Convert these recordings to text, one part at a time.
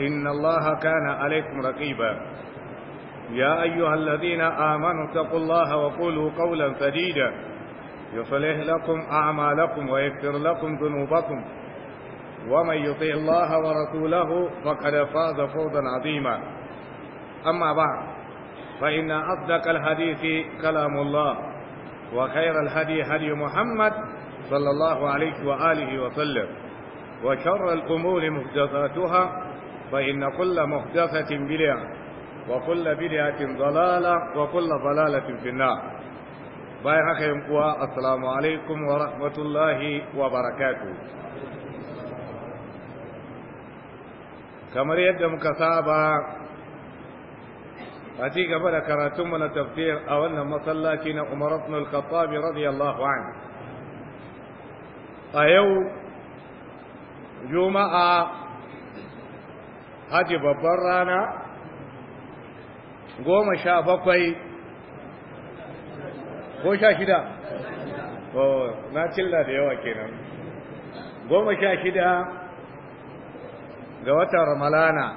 إن الله كان عليكم رقيبا يا أيها الذين آمنوا اتقوا الله وقولوا قولا سديدا يصلح لكم أعمالكم ويغفر لكم ذنوبكم ومن يطيع الله ورسوله فقد فاز فوزا عظيما أما بعد فإن أصدق الحديث كلام الله وخير الهدي هدي محمد صلى الله عليه وآله وسلم وشر الأمور محدثاتها فإن كل محدثة بدعة وكل بدعة ضلالة وكل ضلالة في النار باي رحيم قوى السلام عليكم ورحمة الله وبركاته كما يدعم كسابة أتي قبل كراتم من التفسير أولا مصلى كنا أمر بن الخطاب رضي الله عنه أيو جمعة haji babban rana goma sha bakwai ko sha shida na cilla da yawa kenan goma sha shida ga watan ramalana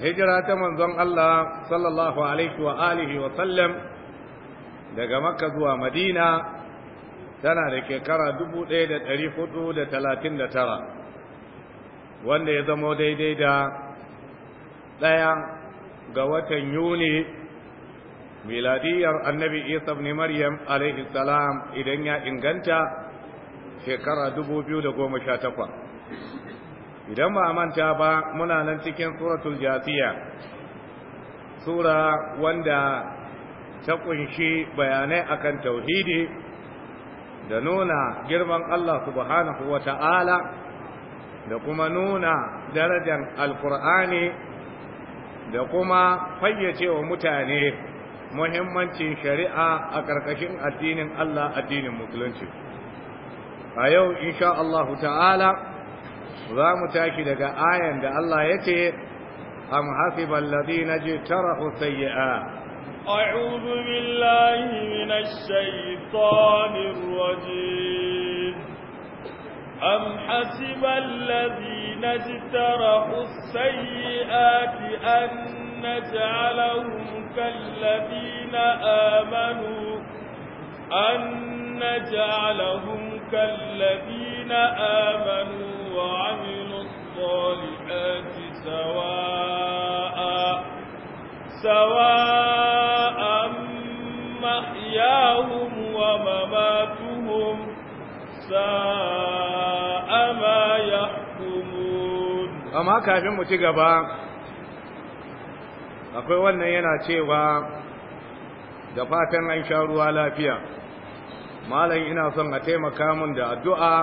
hijira ta manzon Allah sallallahu alaihi wa alihi wa sallam daga makka zuwa madina tana da shekara 1439 wanda ya zama daidai da ɗaya ga watan yuni miladiyar annabi isa ne maryam alaihi salam idan ya inganta shekara takwa. idan ba manta ba muna nan cikin suratul jasiya sura wanda ta kunshi bayanai akan tauhidi da nuna girman Allah subhanahu ta'ala da kuma nuna darajar alkur'ani da kuma fayyace wa mutane muhimmancin shari'a a ƙarƙashin addinin Allah addinin musulunci a yau insha allah ta'ala za mu tashi daga ayan da Allah ya ce am hasiban ladina jitarahu sayyi'a أعوذ بالله من الشيطان الرجيم أم حسب الذين اجترحوا السيئات أن نجعلهم كالذين آمنوا أن نجعلهم كالذين آمنوا وعملوا الصالحات سواء سواء محياهم ومماتهم سواء amma kafin mu ci gaba akwai wannan yana cewa da fatan an sha ruwa lafiya malam ina son a taimaka min da addu'a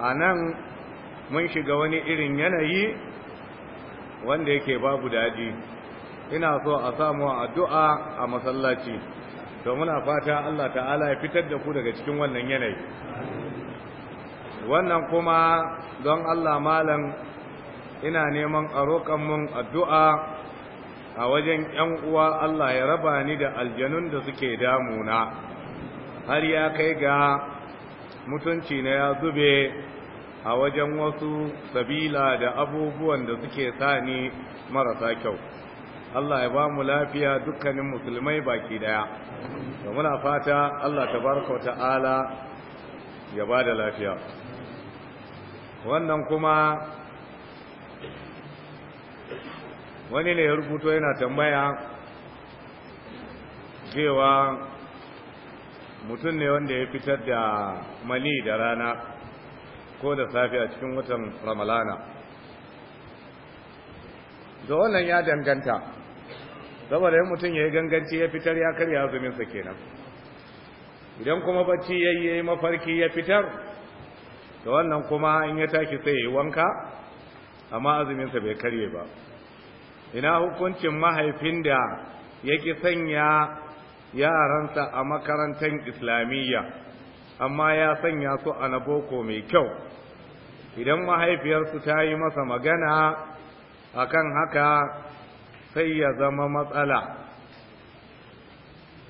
a nan mun shiga wani irin yanayi wanda yake babu daji ina so a samu addu'a a masallaci to muna fata Allah ta'ala ya fitar da ku daga cikin wannan yanayi wannan kuma don Allah malam ina neman a roƙon mun addu'a a wajen ‘yan uwa Allah ya raba ni da aljanun da suke damuna har ya kai ga mutunci na ya zube a wajen wasu sabila da abubuwan da suke sa ni marasa kyau Allah ya ba mu lafiya dukkanin musulmai baki daya da muna fata Allah tabaraka ta'ala ya ba da lafiya wannan kuma wani ne ya rubuto yana tambaya cewa mutum ne wanda ya fitar da mani da rana ko da safe a cikin watan ramalana da wannan ya danganta saboda yin mutum ya yi ganganci ya fitar ya karya azuminsa kenan idan kuma bacci ya yi mafarki ya fitar da wannan kuma in ya tashi sai ya wanka amma azuminsa bai karye ba ina hukuncin mahaifin da yake sanya yaransa a makarantar islamiyya amma ya sanya su a na boko mai kyau idan mahaifiyarsu ta yi masa magana akan haka sai ya zama matsala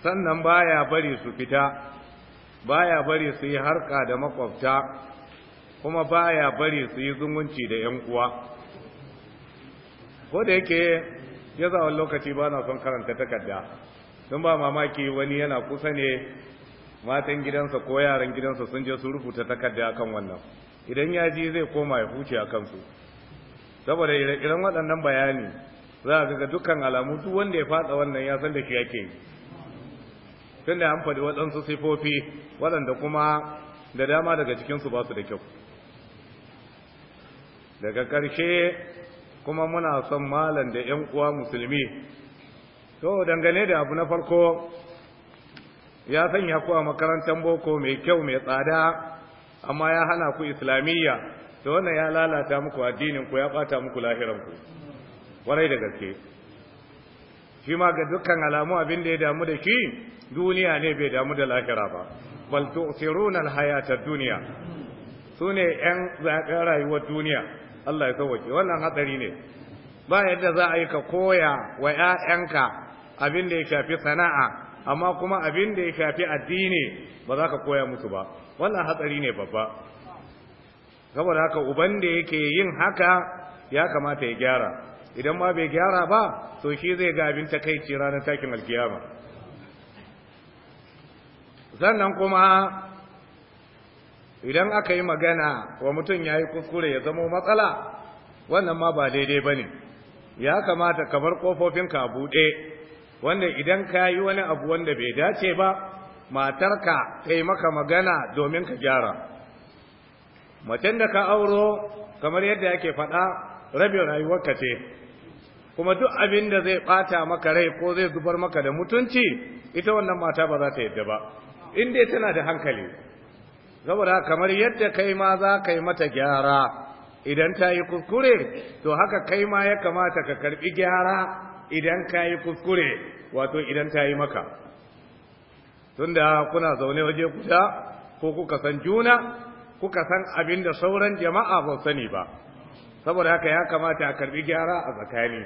sannan baya bari su fita baya bari su yi harka da makwabta kuma ba ya bari su yi zumunci da ‘yan uwa ko da yake ya zawon lokaci ba na son karanta takarda sun ba mamaki wani yana kusa ne matan gidansa ko yaran gidansa sun je su rubuta takarda akan wannan idan ya ji zai koma ya huce a kansu saboda irin waɗannan bayani za a ga dukkan alamu duk wanda ya fata wannan ya san da shi yake yi tunda an faɗi waɗansu sifofi waɗanda kuma da dama daga cikinsu ba su da kyau daga ƙarshe kuma muna son malam da 'yan uwa musulmi to dangane da abu na farko ya sanya ku a makarantar boko mai kyau mai tsada amma ya hana ku islamiyya to wannan ya lalata muku addininku ya bata muku lahiranku, kwarai da gaske shi ma ga dukkan alamu abin da ya damu da shi duniya ne bai damu da lahira ba bal tu'siruna al hayatar duniya. Su sune yan zaɓen rayuwar duniya Allah ya sauwake wannan hatsari ne ba yadda za a yi ka koya wa 'ya'yanka abin da ya shafi sana'a amma kuma abin da ya shafi addini ba za ka koya musu ba wannan hatsari ne babba saboda haka uban da yake yin haka ya kamata ya gyara idan ma bai gyara ba to shi zai ga abin takaici ranar takin alkiyama sannan kuma idan aka yi magana wa mutum ya yi kuskure ya zama matsala wannan ma ba daidai ba ne ya kamata kamar ƙofofinka a buɗe wanda idan ka yi wani abu wanda bai dace ba matarka ta yi maka magana domin ka gyara macen da ka auro kamar yadda ake faɗa rabin rayuwarka ce kuma duk abin da zai ɓata maka rai ko zai zubar maka da mutunci ita wannan mata ba za ta yadda ba in tana da hankali saboda kamar yadda kai ma za ka yi mata gyara idan ta yi kuskure to haka kai ma ya kamata ka karbi gyara idan ka yi kuskure wato idan ta yi maka tunda kuna zaune waje kuta ko kuka san juna kuka san abin da sauran jama'a ba sani ba saboda haka ya kamata a karbi gyara a tsakani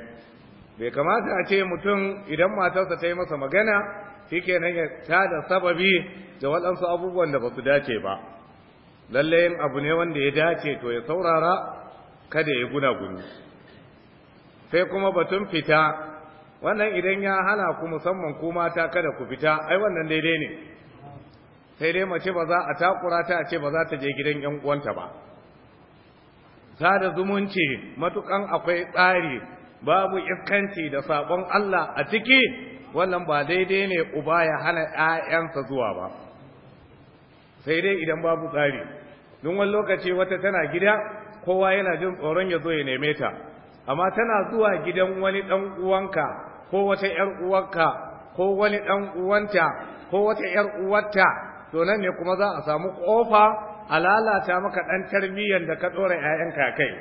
bai kamata a ce mutum idan matarsa ta yi masa magana shi kenan ya da sababi da waɗansu abubuwan da ba su dace ba lalle yin abu ne wanda ya dace to ya saurara kada ya guna guni sai kuma batun fita wannan idan ya hana ku musamman ku mata kada ku fita ai wannan daidai ne sai dai mace ba za a takura ta ce ba za ta je gidan yan uwanta ba sada zumunci matukan akwai tsari babu iskanci da sabon Allah a ciki wannan ba daidai ne uba ya hana ‘ya'yansa zuwa ba sai dai idan babu tsari don wani lokaci wata tana gida kowa yana jin tsoron ya zo ya neme ta amma tana zuwa gidan wani ɗan uwanka ko wata ‘yar uwanka ko wani ɗan uwanta ko wata ‘yar uwarta to nan ne kuma za a samu ƙofa a lalata maka ɗan tarbiyyar da ka ɗora ‘ya'yanka kai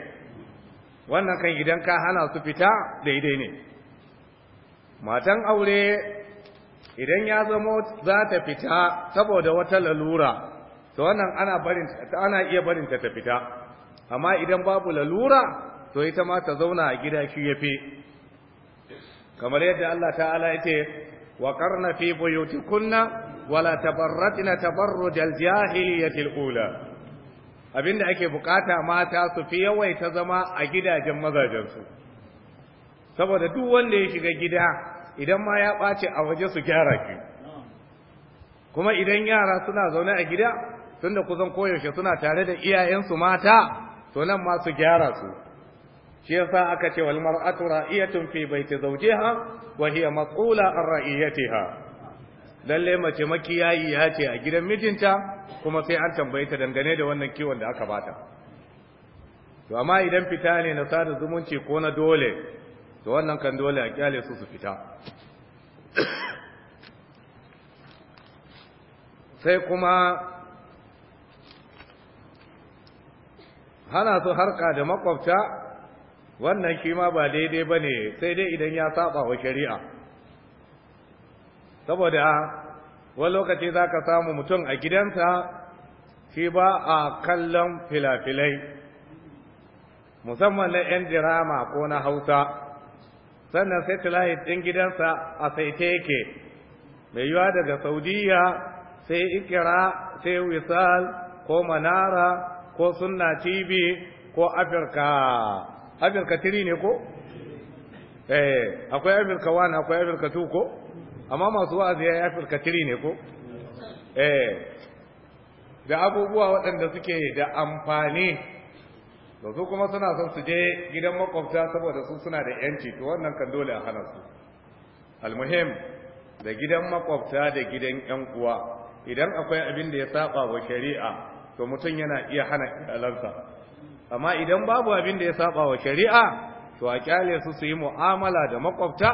wannan kan idan ka hana su fita daidai ne matan aure idan ya zamo za ta fita saboda wata lalura to wannan ana barin ana iya barin ta fita amma idan babu lalura to ita ma ta zauna a gida shi yafi kamar yadda Allah ta'ala yake wa qarna fi buyutikunna wala tabarratna tabarrujal jahiliyatil ula abinda ake bukata mata su fi yawaita zama a gidajen mazajensu saboda duk wanda ya shiga gida idan ma ya ɓace a waje su gyara ki kuma idan yara suna zaune a gida tunda kusan koyaushe suna tare da iyayensu mata to nan ma su gyara su shi yasa aka ce wal mar'atu ra'iyatun fi baiti zawjiha wa hiya mas'ula an ra'iyatiha lalle mace makiyayi ya ce a gidan mijinta kuma sai an tambaye ta dangane da wannan kiwon da aka bata to amma idan fita ne na sada zumunci ko na dole to wannan kan dole a kyale su su fita sai kuma hana su harka da makwabta wannan shi ma ba daidai ba ne sai dai idan ya saba wa shari'a saboda wani lokaci za ka samu mutum a gidansa shi ba a kallon filafilai musamman na 'yan dirama ko na hausa sannan sai tulahid ɗin gidansa a saite yake mai yiwa daga saudiya sai ikira sai wisal ko manara ko sunna tv ko afirka afirka tiri ne ko eh akwai afirka wani akwai afirka tu ko amma masu wa'azi ya yi afirka tiri ne ko eh da abubuwa waɗanda suke da amfani da su kuma suna son su je gidan makwabta saboda su suna da yanci to wannan kan dole a hana su almuhim da gidan makwabta da gidan yan uwa idan akwai abin da ya saba wa shari'a to mutum yana iya hana iyalansa amma idan babu abin da ya saba wa shari'a to a kyale su su yi mu'amala da makwabta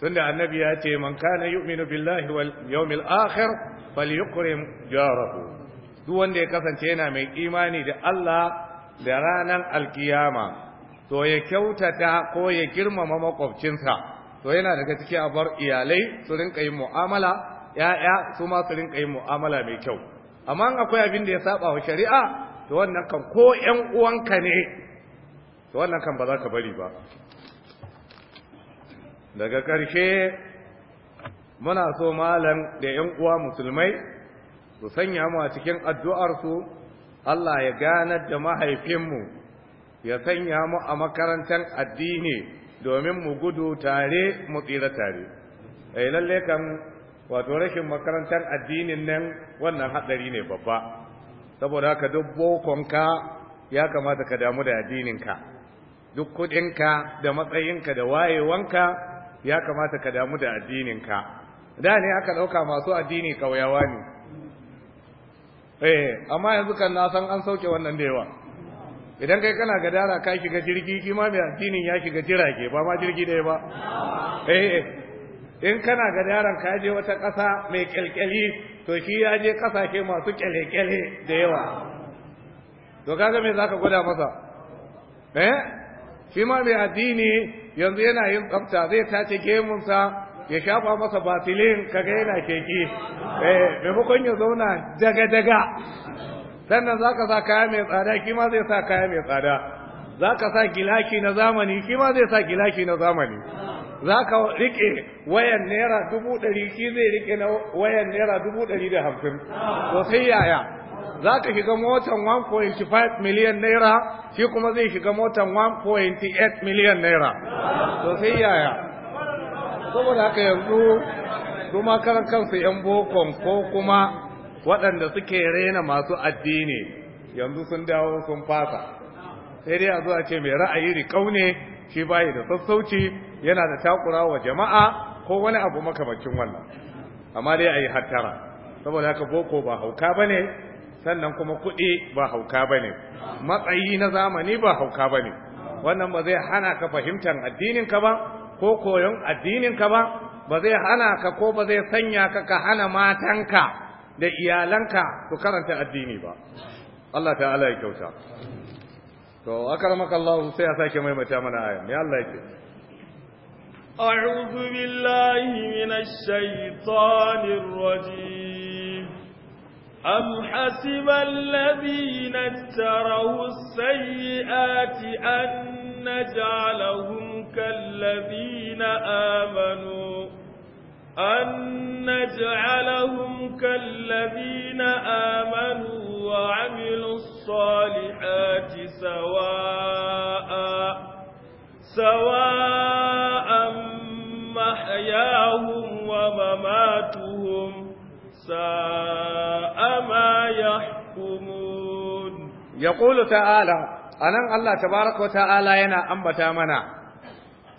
tunda annabi ya ce man kana yu'minu billahi wal yawmil akhir falyukrim jarahu duk wanda ya kasance yana mai imani da Allah da ranar alkiyama to ya kyautata ko ya girmama makwabcinsa to yana daga cikin abar iyalai su rinka yin mu'amala ya'ya su ma su rinka yin mu'amala mai kyau amma akwai abin da ya saba wa shari'a to wannan kan ko ƴan uwanka ne to wannan kan ba za ka bari ba daga ƙarshe muna so malam da ƴan uwa musulmai su sanya mu a cikin addu'arsu Allah ya ganar da mahaifinmu ya sanya mu a makarantar addini domin mu gudu tare mu tsira tare ai eh, lalle kan wato rashin makarantar addinin nan wannan hadari ne babba saboda haka duk bokonka ya kamata ka damu da addininka duk kudinka da matsayinka da wayewanka ya kamata ka damu da addininka da ne aka ɗauka masu addini ƙauyawa ne eh amma yanzu kan na san an sauke wannan da yawa idan kai kana gadara ka shiga jirgi kima mai addinin ya shiga jirage ba ma jirgi da ba eh, eh in kana gadaran ka je wata ƙasa mai kyalkyali to shi ya je ƙasashe masu kyalekyale da yawa to kaga me zaka gwada masa eh shi ma mai addini yanzu yana yin tsafta zai tace gemunsa ya shafa masa batilin kaga yana keke eh maimakon ya zauna daga daga sannan zaka sa kaya mai tsada kima zai sa kaya mai tsada zaka sa gilaki na zamani kima zai sa gilaki na zamani zaka rike wayan naira dubu ɗari ki zai rike na wayan naira dubu ɗari da hamsin to sai yaya za ka shiga motan 1.5 miliyan naira shi kuma zai shiga motan 1.8 miliyan naira to sai yaya saboda haka yanzu kuma karan kansu yan bokon ko kuma waɗanda suke rena masu addini yanzu sun dawo sun fasa sai dai a zuwa ce mai ra'ayi riƙau ne shi bayi da sassauci yana da takura wa jama'a ko wani abu makamancin wannan amma dai a yi hattara saboda haka boko ba hauka ba ne sannan kuma kuɗi ba hauka ba ne matsayi na zamani ba hauka ba ne wannan ba zai hana ka fahimtar addininka ba ko koyon addininka ba ba zai hana ka ko ba zai sanya ka ka hana matanka da iyalanka su karanta addini ba Allah ta'ala ya kyauta to akramaka Allah sai ya sake maimaita mana aya me Allah yake أعوذ بالله من الشيطان الرجيم أم حسب الذين اتروا السيئات أن نجعلهم كالأنعام الذين آمنوا أن نجعلهم كالذين آمنوا وعملوا الصالحات سواء سواء محياهم ومماتهم ساء ما يحكمون يقول تعالى أنا الله تبارك وتعالى ينا أنبت منا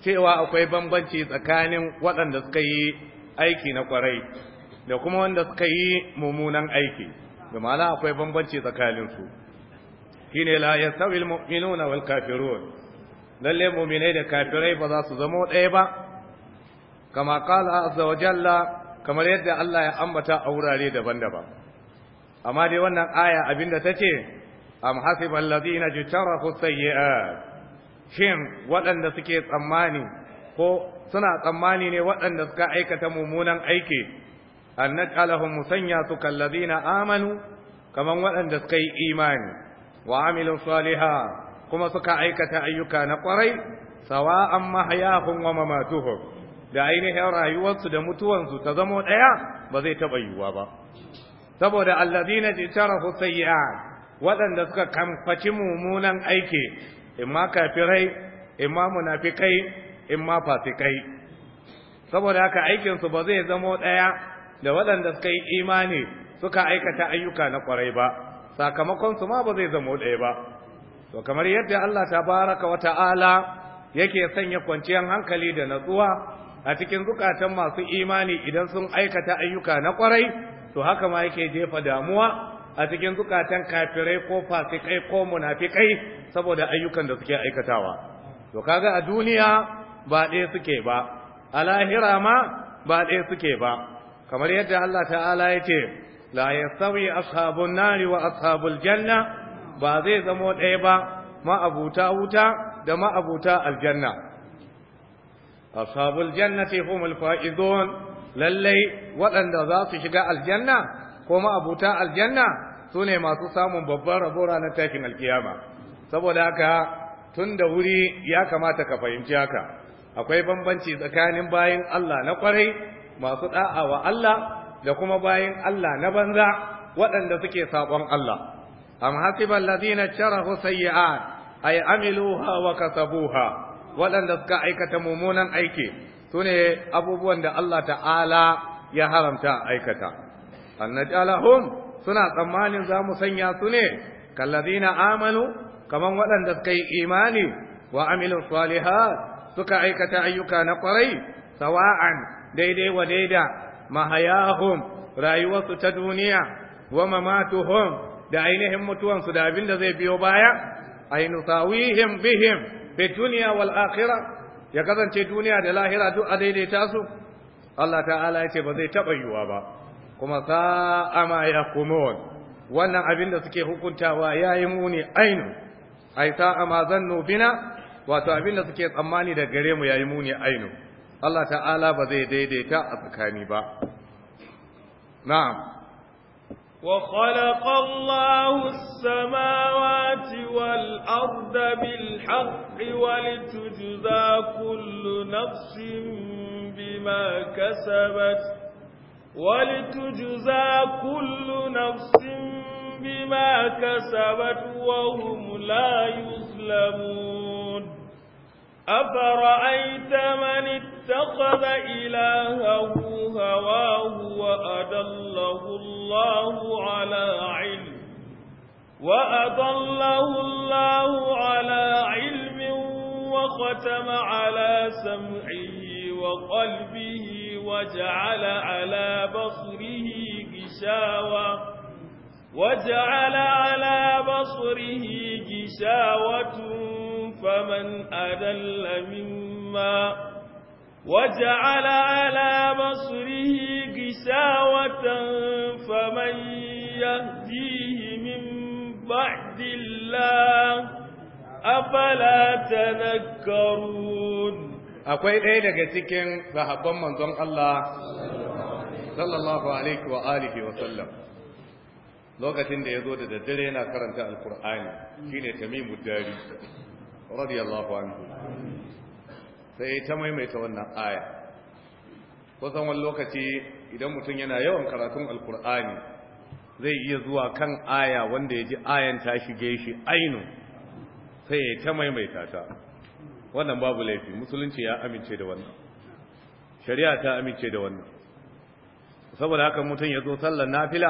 cewa akwai bambanci tsakanin waɗanda suka yi aiki na ƙwarai, da kuma wanda suka yi mummunan aiki da ma'ana akwai bambanci tsakaninsu shi ne la ya sauyi mu'minuna wal kafirun lalle mu'minai da kafirai ba za su zama ɗaya ba kama kala azza wa jalla kamar yadda Allah ya ambata a wurare daban-daban amma dai wannan aya abinda ta ce am hasiba allazina jtarahu sayyi'at shin waɗanda suke tsammani ko suna tsammani ne waɗanda suka aikata mummunan aiki an musanya su kallazina amanu kamar waɗanda suka yi imani wa amilu saliha kuma suka aikata ayyuka na ƙwarai, kwarai sawa'an mahayahum wa mamatuhum da ainihin rayuwarsu da mutuwansu ta zamo ɗaya ba zai taɓa yiwuwa ba saboda allazina jitarahu sayyi'at waɗanda suka kamfaci mummunan aiki in ma kafirai in ma munafikai in ma fasikai saboda haka aikinsu ba zai zamo ɗaya da waɗanda suka yi imani suka aikata ayyuka na ƙwarai ba sakamakonsu ma ba zai zamo ɗaya ba to kamar yadda Allah ta baraka wa ta'ala yake sanya kwanciyar hankali da natsuwa a cikin zukatan masu imani idan sun aikata ayyuka na ƙwarai to haka ma yake jefa damuwa a cikin zukatan kafirai ko fasikai ko munafikai saboda ayyukan da suke aikatawa to kaga a duniya ba ɗaya suke ba a lahira ma ba ɗaya suke ba kamar yadda Allah ta'ala ya ce la yastawi ashabun nari wa ashabul janna ba zai zamo ɗaya ba ma'abuta wuta da ma'abuta aljanna ashabul jannati humul faizun lallai waɗanda za su shiga aljanna ko ma'abuta aljanna su ne masu samun babbar rabo ranar takin alkiyama saboda haka tun da wuri ya kamata ka fahimci haka akwai bambanci tsakanin bayin Allah na kwarai masu da'a wa Allah da kuma bayin Allah na banza waɗanda suke sabon Allah am hasiban ladina charahu sayyi'at ay amiluha wa kasabuha waɗanda suka aikata mummunan aiki sune abubuwan da Allah ta'ala ya haramta aikata annaj'alahum suna tsammanin za mu sanya su ne kallazina amanu kaman waɗanda suka yi imani wa amilu salihat suka aikata ayyuka na kwarai sawa'an daidai wa daida mahayahum rayuwarsu ta duniya wa mamatuhum da ainihin mutuwansu da abin da zai biyo baya ainu sawihim bihim fi duniya wal akhirah ya kasance duniya da lahira duk a daidaita su Allah ta'ala ya ce ba zai taɓa yiwuwa ba kuma sa'a ma yahkumun wannan abin da suke hukuntawa yi muni ainu ai sa'a ma zannu bina wato abin da suke tsammani da gare mu ya yi muni ainu Allah ta'ala ba zai daidaita a tsakani ba na'am وخلق الله السماوات والأرض بالحق ولتجزى كل نفس بما كسبت ولتجزى كل نفس بما كسبت وهم لا يظلمون أفرأيت من اتخذ إلهه هواه وأدله الله على علم وأضله الله على علم وختم على سمعه وقلبه وجعل على بصره غشاوة وجعل على بصره جساوة فمن أدل مما وجعل على بصره غشاوة فمن يهديه من بعد الله أفلا تنكرون akwai ɗaya daga cikin sahabban manzon Allah sallallahu alaihi wa alihi wa sallam lokacin da yazo da daddare yana karanta alqur'ani shine tamimu dari radiyallahu anhu sai ta maimaita wannan aya kusan wani lokaci idan mutum yana yawan karatun alqur'ani zai iya zuwa kan aya wanda ya ji ayan ta shige shi ainu sai ta maimaita ta wannan babu laifi musulunci ya amince da wannan shari'a ta amince da wannan saboda haka mutum ya zo sallar nafila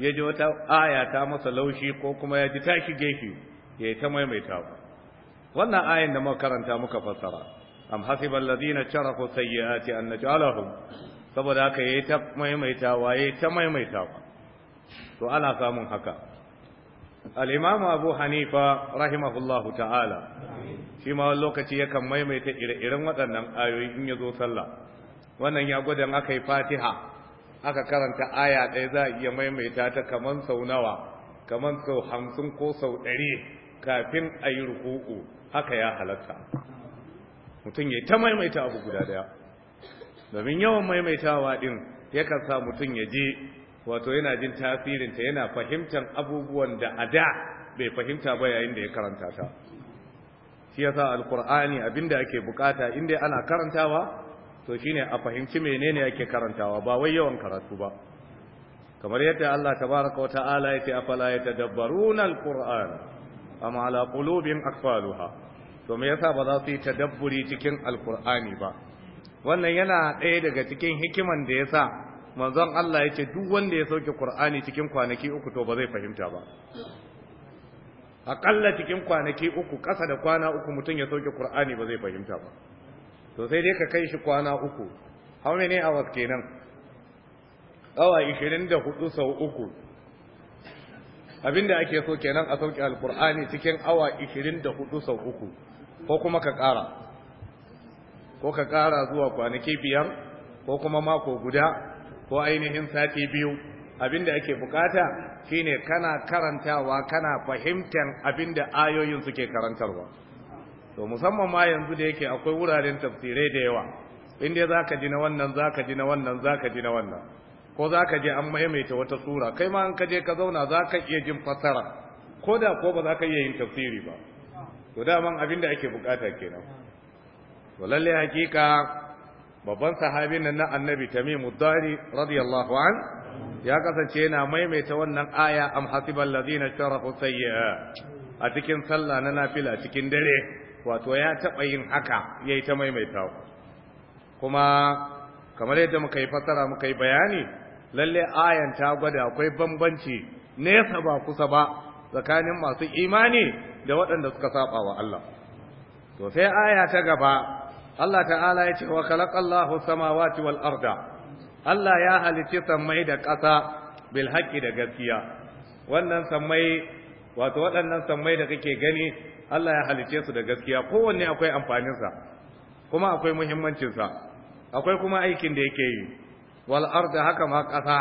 ya ji wata aya ta masa laushi ko kuma ya ji ta shige ya yi ta maimaita wannan ayin da muka karanta muka fassara am hasiba alladhina sharaku sayyiati an naj'alahum saboda haka yayi ta maimaitawa yayi ta maimaitawa to ana samun haka al abu hanifa rahimahullahu ta'ala shi ma wani lokaci yakan maimaita ire-iren waɗannan ayoyi in ya zo sallah wannan ya gwada aka yi fatiha aka karanta aya ɗaya za a iya maimaita ta kaman sau nawa kaman sau hamsin ko sau ɗari kafin a yi rukuku haka ya halatta mutum ya ta maimaita abu guda ɗaya domin yawan maimaitawa ɗin yakan sa mutum ya je wato yana jin tasirinta yana fahimtar abubuwan da a da bai fahimta ba yayin da ya karanta ta shi yasa alqur'ani abinda ake bukata inda ana karantawa to shine a fahimci menene ake karantawa ba wai yawan karatu ba kamar yadda Allah tabaaraka wa ta'ala yake afala tadabbaruna alqur'an am ala qulubin aqfaluha to me yasa ba za su yi tadabburi cikin alqur'ani ba wannan yana ɗaya daga cikin hikiman da yasa manzon Allah ya ce duk wanda ya sauke Qur'ani cikin kwanaki uku to ba zai fahimta ba aƙalla cikin kwanaki uku ƙasa da kwana uku mutum ya sauke Qur'ani ba zai fahimta ba to sai dai ka kai shi kwana uku how many hours kenan awa 24 sau uku abinda ake so kenan a sauke alqur'ani cikin awa 24 sau uku ko kuma ka ƙara ko ka ƙara zuwa kwanaki biyar ko kuma mako guda ko ainihin sati biyu abinda ake bukata shine kana karantawa kana fahimtar abinda ayoyin suke karantarwa to musamman ma yanzu da yake akwai wuraren tafsirai da yawa inda zaka ji na wannan zaka ji na wannan zaka ji na wannan ko zaka je an maimaita wata sura kai ma an ka je ka zauna zaka iya jin fassara ko da ko ba zaka iya yin tafsiri ba to daman abinda ake bukata kenan to lalle hakika babban sahabin nan na annabi tamimu dari radiyallahu an ya kasance yana maimaita wannan aya am hasibal ladina sharahu sayya a cikin sallah na nafila cikin dare wato ya taba yin haka yayi ta maimaita kuma kamar yadda muka yi fasara muka yi bayani lalle ayan ta gwada akwai bambanci nesa ba kusa ba tsakanin masu imani da waɗanda suka saba wa Allah to sai aya ta gaba Allah ta'ala ya ce wa khalaqallahu samawati wal arda Allah ya halice sammai da ƙasa bil haqqi da gaskiya wannan sammai wato waɗannan sammai da kake gani Allah ya halicce su da gaskiya kowanne akwai amfanin sa kuma akwai muhimmancin sa akwai kuma aikin da yake yi wal arda haka ma ƙasa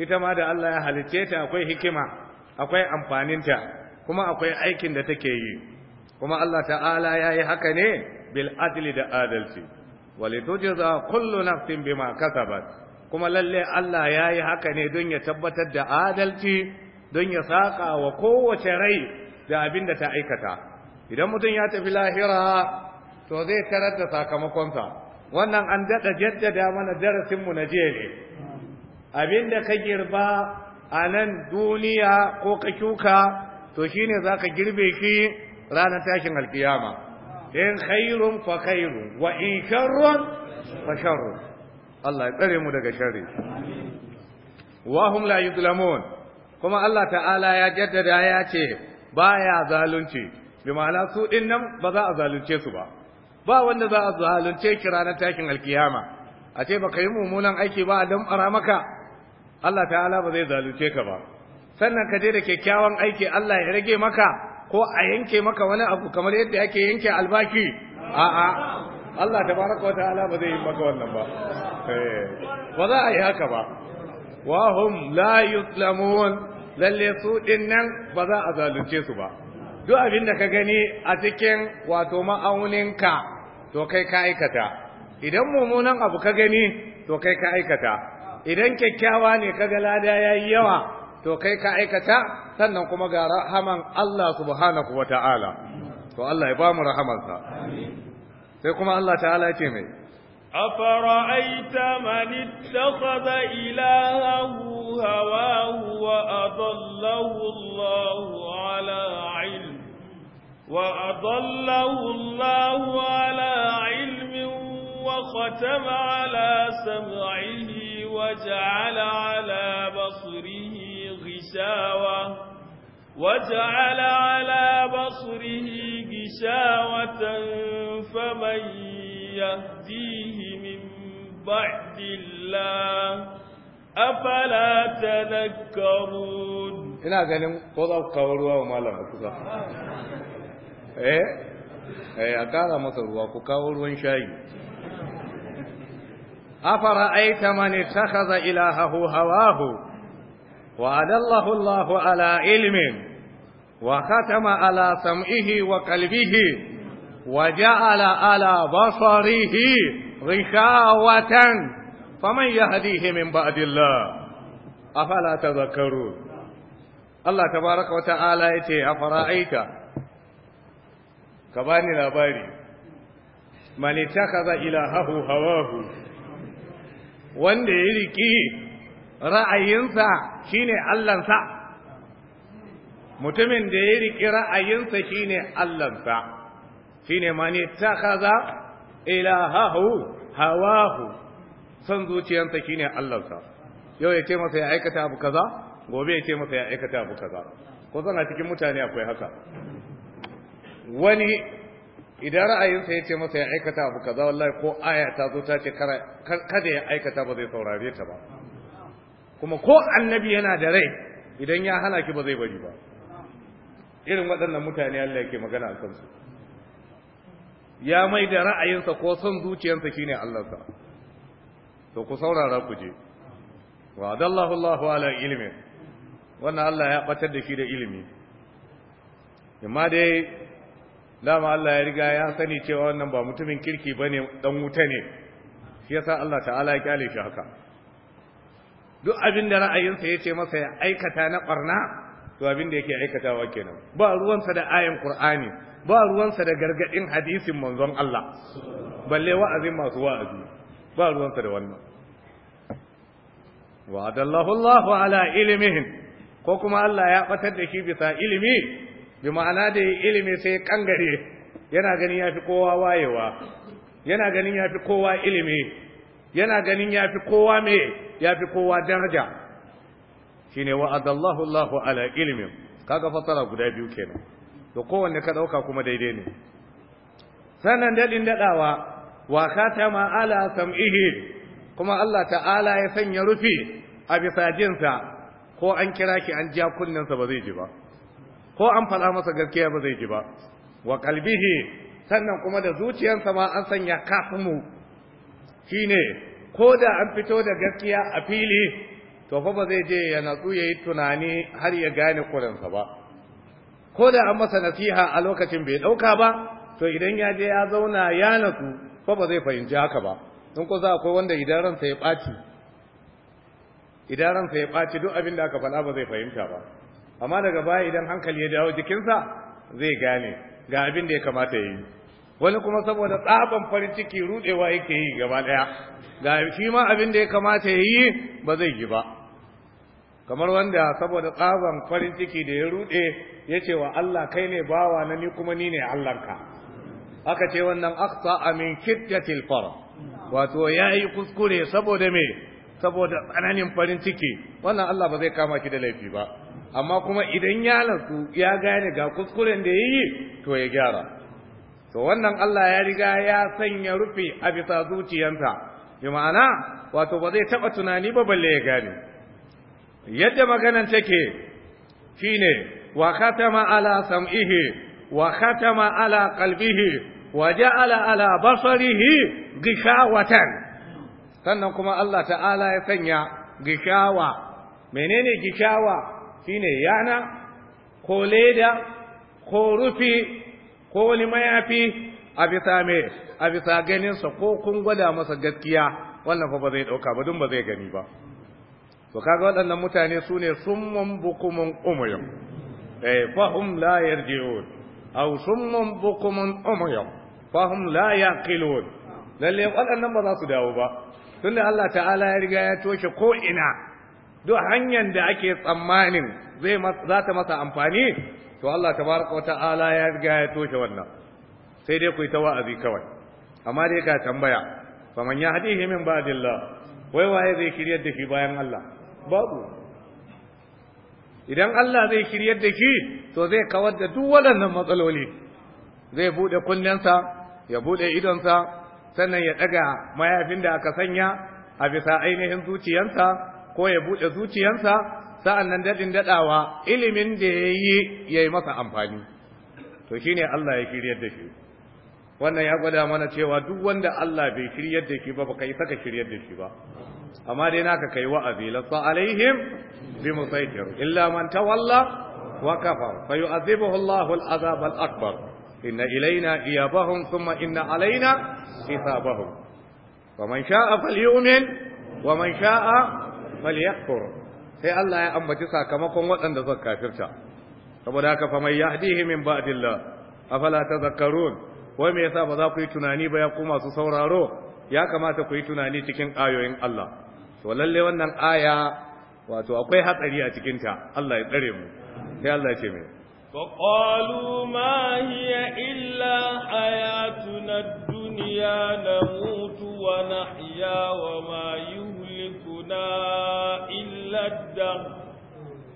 ita ma da Allah ya halicce ta akwai hikima akwai amfanin ta kuma akwai aikin da take yi kuma Allah ta'ala ya yi haka ne bil da adalci wali tujza kullu nafsin bima kasabat kuma lallai Allah yayi haka ne don ya tabbatar da adalci don ya saka wa kowace rai da abin da ta aikata idan mutum ya tafi lahira to zai tarar da sakamakonsa wannan an daɗa jaddada mana darasinmu na jiya ne abin da ka girba a nan duniya ko ka shuka to shine za ka girbe shi ranar tashin alkiyama in khairun fa khairun wa in sharrun fa sharrun Allah ya tsare mu daga sharri wa hum la yuzlamun kuma Allah ta'ala ya jaddada ya ce baya zalunci bi ma'ana su dinnan ba za a zalunce su ba ba wanda za a zalunce ki ranar takin alkiyama a ce baka yi mummunan aiki ba a damfara maka Allah ta'ala ba zai zalunce ka ba sannan ka je da kyakkyawan aiki Allah ya rage maka ko a yanke maka wani abu kamar yadda ake yanke albaki a'a Allah baraka wa ta'ala ba zai yi maka wannan ba eh. ba za a yi haka ba wa hum la yuslamun lalle su dinnan ba za a zalunce su ba duk abin da ka gani a cikin wato ma'auninka to kai ka aikata idan mummunan abu ka gani to kai ka aikata idan kyakkyawa ne ka ga lada yayi yawa to kai ka aikata sannan kuma ga rahaman Allah subhanahu wa ta’ala, to Allah ya bamu mu rahamansa, sai kuma Allah ta’ala ce mai. A fara aita mani takwada ilahahu hawahu wa azallahu Allah ala ilmi, wa azallahu Allah ala wa kwatama ala sam'ihi غشاوة وجعل على بصره غشاوة فمن يهديه من بعد الله أفلا تذكرون ina ganin ko za ku kawo ruwa wa malama kuka eh eh a kawo ruwan shayi afara aita وأدله الله على علمه وختم على سمعه وقلبه وجعل على بصره غشاوة فمن يهديه من بعد الله أفلا تذكرون الله تبارك وتعالى يتي أفرأيت كباني لاباري من اتخذ إلهه هواه وان يريكي ra'ayinsa shine allansa. mutumin da ya riƙi ra'ayinsa shine Allahnsa shine mani takaza ilahahu hawahu son zuciyarsa shine allansa. yau ya ce masa ya aikata abu kaza gobe ya ce masa ya aikata abu kaza ko zan a cikin mutane akwai haka wani idan ra'ayinsa ya ce masa ya aikata abu kaza wallahi ko aya ta zo ta ce kada ya aikata ba zai saurare ta ba kuma ko annabi yana da rai idan ya hana ki ba zai bari ba irin waɗannan mutane Allah yake magana a kansu ya mai da ra'ayinsa ko son zuciyarsa shine Allah sa. to ku saurara ku je wa adallahu Allahu ala ilmi wannan Allah ya batar da shi da ilimi amma dai dama Allah ya riga ya sani cewa wannan ba mutumin kirki bane dan wuta ne shi yasa Allah ta'ala ya kyale shi haka duk abin da ra'ayinsa ya ce masa ya aikata na ɓarna to abin da yake aikatawa kenan ba ruwansa da ayin qur'ani ba ruwansa da gargadin hadisin manzon Allah balle wa'azin masu wa'azi ba ruwansa da wannan wa'adallahu Allah ala ilmihin ko kuma Allah ya ɓatar da shi bisa ilimi bi ma'ana da ilimi sai kangare yana ganin yafi kowa wayewa yana ganin yafi kowa ilimi yana ganin ya fi kowa me ya fi kowa daraja shine wa'adallahu Allahu ala ilmin kaga fasara guda biyu kenan Da kowanne ka dauka kuma daidai ne sannan dadin daɗawa, wa khatama ala sam'ihi kuma Allah ta'ala ya sanya rufi a bisa jinsa ko an kira ki an ja kunninsa ba zai ji ba ko an faɗa masa gaskiya ba zai ji ba wa kalbihi sannan kuma da zuciyarsa ma an sanya kafin mu. shine ko da an fito da gaskiya a fili to fa ba zai je ya natsu ya yi tunani har ya gane kuransa ba ko da an masa nasiha a lokacin bai ɗauka ba to idan ya je ya zauna ya natsu fa ba zai fahimci haka ba Don ko za akwai wanda idan ransa ya ɓaci idan ransa ya ɓaci duk abin da aka faɗa ba zai fahimta ba amma daga baya idan hankali ya dawo jikinsa zai gane ga abin da ya kamata ya yi wani kuma saboda tsaban farin ciki rudewa yake yi gaba daya ga shi ma abin da ya kamata ya yi ba zai yi ba kamar wanda saboda tsaban farin ciki da ya rude ya ce wa Allah kai ne bawa na ni kuma ni ne Allahnka aka ce wannan aqsa amin kiddatil far wato yayi kuskure saboda me saboda tsananin farin ciki wannan Allah ba zai kama ki da laifi ba amma kuma idan ya lasu ya gane ga kuskuren da yayi to ya gyara to wannan Allah ya riga ya sanya rufe a bisa zuciyarsa bi ma'ana wato ba zai taɓa tunani ba balle ya gane yadda maganan take shine wa khatama ala sam'ihi wa khatama ala qalbihi wa ja'ala ala basarihi gishawatan sannan kuma Allah ta'ala ya sanya gishawa menene gishawa shine yana ko leda ko rufi ko wani mayafi a bisa me a bisa ganinsa ko kun gwada masa gaskiya wannan fa ba zai ɗauka ba dun ba zai gani ba to kaga waɗannan mutane su ne summun bukumun umuyum eh hum la yarji'un aw summun bukumun umuyum hum la yaqilun lalle waɗannan ba za su dawo ba tunda Allah ta'ala ya riga ya toshe ko ina duk hanyar da ake tsammanin zai za ta masa amfani to Allah tabaraka wa ta'ala ya riga ya toshe wannan sai dai ku yi ta kawai amma dai ga tambaya faman ya hadihi min ba'dillah wai waye zai kiryar da shi bayan Allah babu idan Allah zai kiryar da shi to zai kawar da duk waɗannan matsaloli zai bude kullensa ya bude idonsa sannan ya daga mayafin da aka sanya a bisa ainihin zuciyarsa ko ya bude zuciyarsa sa'an nan daɗin daɗawa ilimin da ya yi ya yi masa amfani to shi ne Allah ya shiryar da shi wannan ya gwada mana cewa duk wanda Allah bai shiryar da shi ba ba yi saka shiryar da shi ba amma dai naka kai wa'azi lasta alaihim bi musaitir illa man tawalla wa kafar fa yu'adhibuhu Allahu al-'adhab al-akbar inna ilaina iyabahun, thumma inna alaina Wa man sha'a falyu'min ومن شاء فليكفر sai Allah ya ambaci sakamakon waɗanda suka kafirta saboda haka fa mai yahdihi min ba'dillah afala tadhakkarun wai me yasa ba za ku yi tunani ba ya kuma masu sauraro ya kamata ku yi tunani cikin ayoyin Allah to lalle wannan aya wato akwai hatsari a cikin ta Allah ya tsare mu sai Allah ya ce mai فقالوا ما هي إلا حياتنا الدنيا نموت ونحيا وما يهلكنا إلا اللذة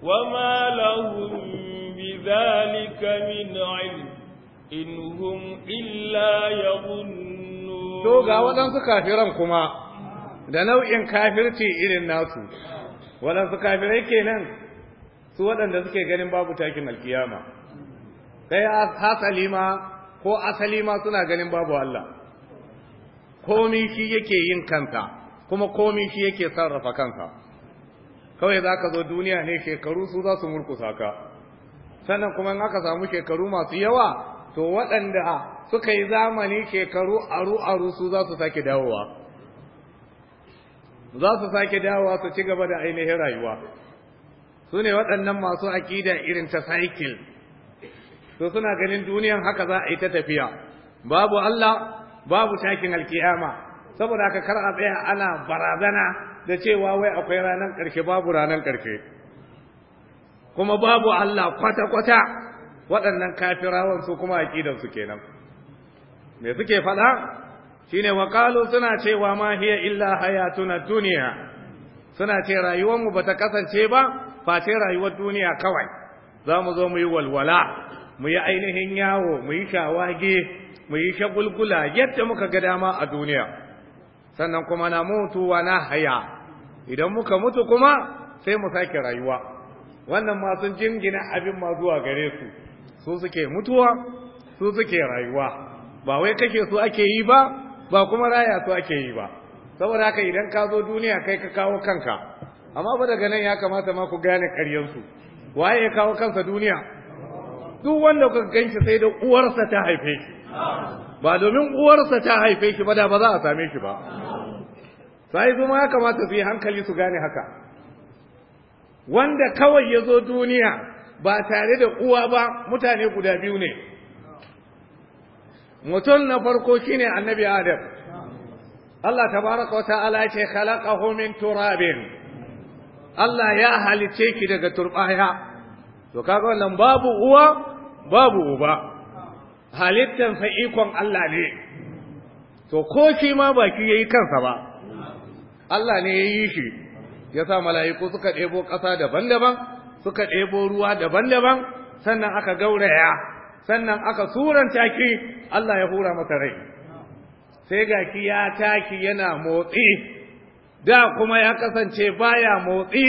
وما لهم بذلك من علم إن هم إلا يظنون waɗansu kafiran kuma da nau'in kafirci irin nasu waɗansu kafirai kenan su waɗanda suke ganin babu takin alkiyama sai hasali ma ko asali ma suna ganin babu Allah komi shi yake yin kansa kuma komi shi yake sarrafa kansa kawai za ka zo duniya ne shekaru su za su murkusa ka sannan kuma in aka samu shekaru masu yawa to waɗanda suka yi zamani shekaru aru-aru su za su sake dawowa za su sake dawowa su ci gaba da ainihin rayuwa su ne waɗannan masu aƙida irin ta cycle to suna ganin duniyan haka za a yi ta tafiya babu Allah babu shakin alkiyama saboda haka kar a tsaya ana barazana da cewa wai akwai ranar ƙarshe babu ranar ƙarshe kuma babu Allah kwata-kwata waɗannan kafirawan su kuma su kenan me suke faɗa shine waƙalu suna cewa ma hiya illa hayatuna duniya suna ce rayuwar mu bata kasance ba face rayuwar duniya kawai za mu zo mu yi walwala mu yi ainihin yawo mu yi shawage mu yi shagulgula yadda muka ga dama a duniya sannan kuma na mutu wa na haya idan muka mutu kuma sai mu sake rayuwa wannan ma sun jingina abin ma zuwa gare su su suke mutuwa su suke rayuwa ba wai kake su ake yi ba ba kuma raya su ake yi ba saboda haka idan ka zo duniya kai ka kawo kanka amma ba daga nan ya kamata ma ku gane karyansu waye ya kawo kansa duniya duk wanda kuka ganshi sai da uwarsa ta haife shi ba domin uwarsa ta haife shi ba da ba za a same shi ba sai kuma ya kamata su yi hankali su gane haka wanda kawai ya zo duniya ba tare da uwa ba mutane guda biyu ne mutum na farko ne annabi adam Allah tabaraka wata ala ce khalaqahu min turabin Allah ya halice ki daga turbaya to kaga wannan babu uwa babu uba halittansa ikon Allah ne to ko shi ma baki yayi kansa ba Allah ne ya yi shi ya sa mala'iku suka ɗebo ƙasa daban-daban suka ɗebo ruwa daban-daban sannan aka gauraya sannan aka suranta ki Allah ya hura masa rai sai ga ki ya taki yana motsi da kuma ya kasance baya motsi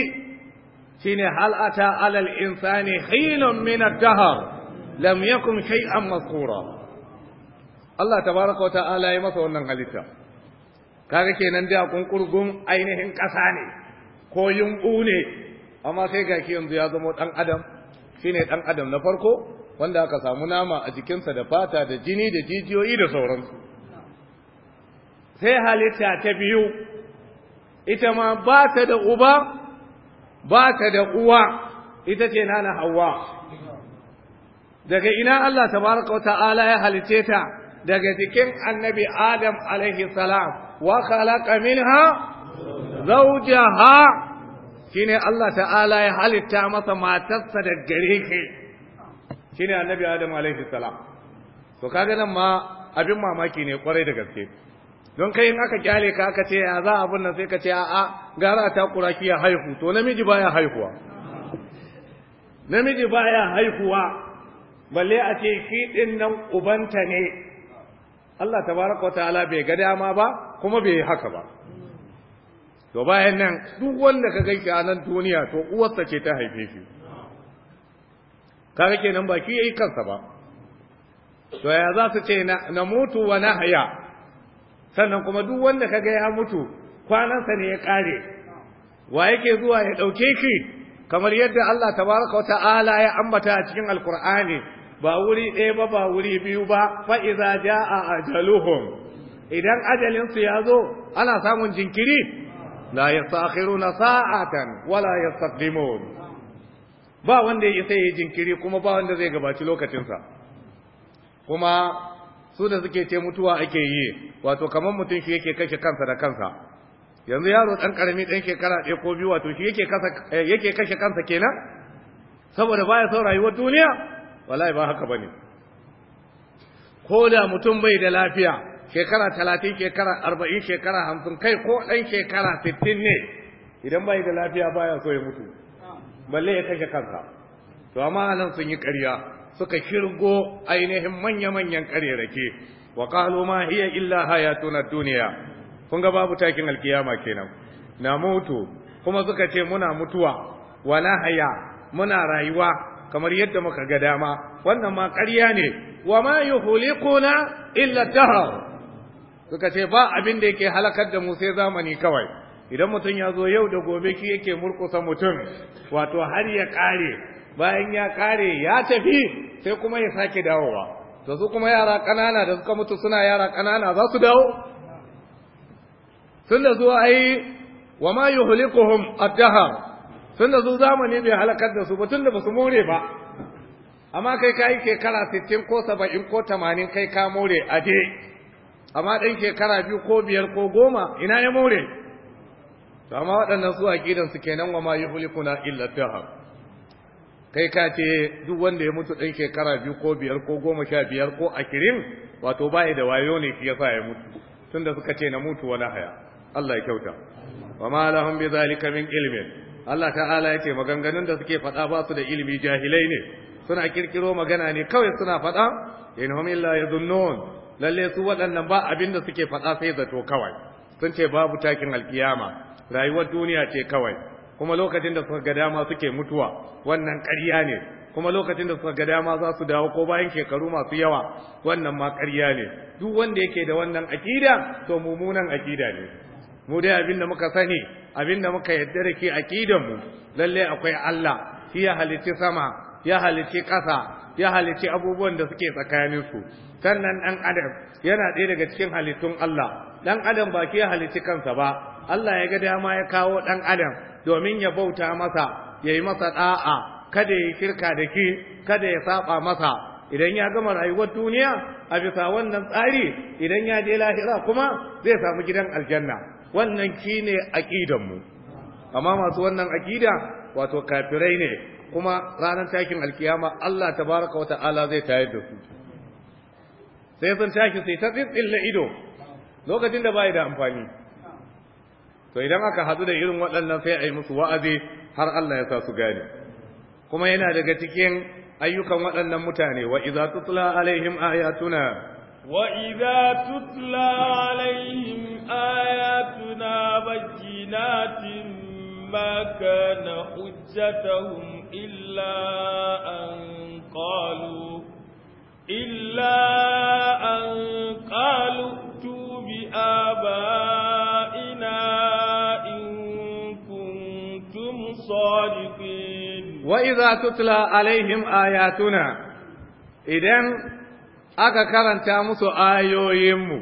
shine ne alal insani hinon min ad lam yakun shay'an mazkura Allah tabaraka wata'ala ya masa wannan halitta kaga kenan da kunkurgun ainihin ƙasa ne ko yumbu ne amma sai ga yanzu ya zama dan adam shine dan adam na farko wanda aka samu nama a jikinsa da fata da jini da jijiyoyi da sauransu sai halitta ta biyu ita ma ba ta da uba ba ta da uwa ita ce nana hawa daga ina Allah tabaraka wata'ala ya halice ta daga jikin annabi Adam alaihi salam wa khalaqa minha zawjaha shine Allah ta'ala ya halitta masa matarsa da gare shi shine annabi Adam alaihi salam to kaga nan ma abin mamaki ne kwarai da gaske don kai in aka kyale ka aka ce ya za abin nan sai ka ce a'a gara ta kuraki ya haihu to namiji baya haihuwa namiji baya haihuwa balle a ce ki nan ubanta ne Allah tabaraka ta'ala bai ga dama ba kuma bai haka ba to bayan nan duk wanda ka gaishe a nan duniya to uwarsa ce ta haife shi kaga kenan ba ki yayi kansa ba to ya za su ce na mutu wa na haya sannan kuma duk wanda ka ga ya mutu kwanansa ne ya kare wa yake zuwa ya ɗauke shi? kamar yadda Allah tabaraka wa ta'ala ya ambata a cikin alkur'ani ba wuri ɗaya ba ba wuri biyu ba fa iza jaa ajaluhum idan ajalin su ya zo ana samun jinkiri la yastakhiruna sa'atan wala yastaqdimun ba wanda ya sai jinkiri kuma ba wanda zai gabaci lokacinsa kuma su da suke ce mutuwa ake yi wato kamar mutum shi yake kashe kansa da kansa yanzu yaro ɗan ƙarami ɗan shekara ɗaya ko biyu wato shi eh, yake kashe kansa kenan saboda baya son rayuwar duniya wallahi ba haka bane ko da mutum bai da lafiya shekara talatin shekara arba'in shekara hamsin kai ko ɗan shekara sittin ne idan bai da lafiya baya so ya mutu balle ya kashe kansa to amma nan sun yi ƙarya suka shirgo ainihin manya-manyan ƙarerake wa ƙalo ma hiya illa duniya kun ga babu takin alkiyama kenan na mutu kuma suka ce muna mutuwa wala haya muna rayuwa kamar yadda muka ga dama wannan ma ƙarya ne wa ma yuhliquna illa dahar suka ce ba abin da yake halakar da mu sai zamani kawai idan mutum ya zo yau da gobe ki yake murkusa mutum wato har ya kare bayan ya kare ya tafi sai kuma ya sake dawowa da su kuma yara ƙanana da suka mutu suna yara ƙanana za su dawo tunda zo ai wa ma yuhlikuhum ad-dahr tunda zo zamani bai halakar da su ba tunda ba su more ba amma kai kai kara 60 ko 70 ko 80 kai ka more a amma dan kara biyu ko biyar ko goma ina ya more to amma waɗannan su aqidan su kenan wa ma yuhlikuna illa ad-dahr kai ka ce duk wanda ya mutu dan kara biyu ko biyar ko goma sha biyar ko akirin wato bai da wayo ne shi yasa ya mutu tunda suka ce na mutu wala haya Allah ya kyauta wa ma lahum bi zalika min ilmi Allah ta'ala yake maganganun da suke faɗa ba su da ilimi jahilai ne suna kirkiro magana ne kawai suna faɗa in hum illa yadhunnun lalle su waɗannan ba abin da suke faɗa sai zato kawai sun ce babu takin alkiyama rayuwar duniya ce kawai kuma lokacin da suka ga dama suke mutuwa wannan ƙarya ne kuma lokacin da suka ga dama za su dawo ko bayan shekaru masu yawa wannan ma ƙarya ne duk wanda yake da wannan akida to mummunan akida ne mu dai abinda muka sani abinda muka yadda da ke aqidanmu lalle akwai Allah shi ya halitti sama ya halitti ƙasa ya halitti abubuwan da suke tsakanin su sannan dan adam yana ɗaya daga cikin halittun Allah dan adam ba ke halitti kansa ba Allah ya ga dama ya kawo dan adam domin ya bauta masa yayi masa da'a kada ya shirka da ki kada ya saba masa idan ya gama rayuwar duniya a bisa wannan tsari idan ya je lahira kuma zai samu gidan aljanna wannan kine aqidan mu amma masu wannan aqida wato kafirai ne kuma ranar takin alkiyama Allah tabaraka wa ta'ala zai tayar da su sai sun taki sai ta tsitsilla ido lokacin da bai da amfani to idan aka hadu da irin waɗannan sai a yi musu wa'azi har Allah ya sa su gane kuma yana daga cikin ayyukan waɗannan mutane wa idza tutla alaihim ayatuna وإذا تتلى عليهم آياتنا بينات ما كان حجتهم إلا أن قالوا إلا أن قالوا ائتوا بآبائنا إن كنتم صادقين وإذا تتلى عليهم آياتنا إذن aka karanta musu ayoyinmu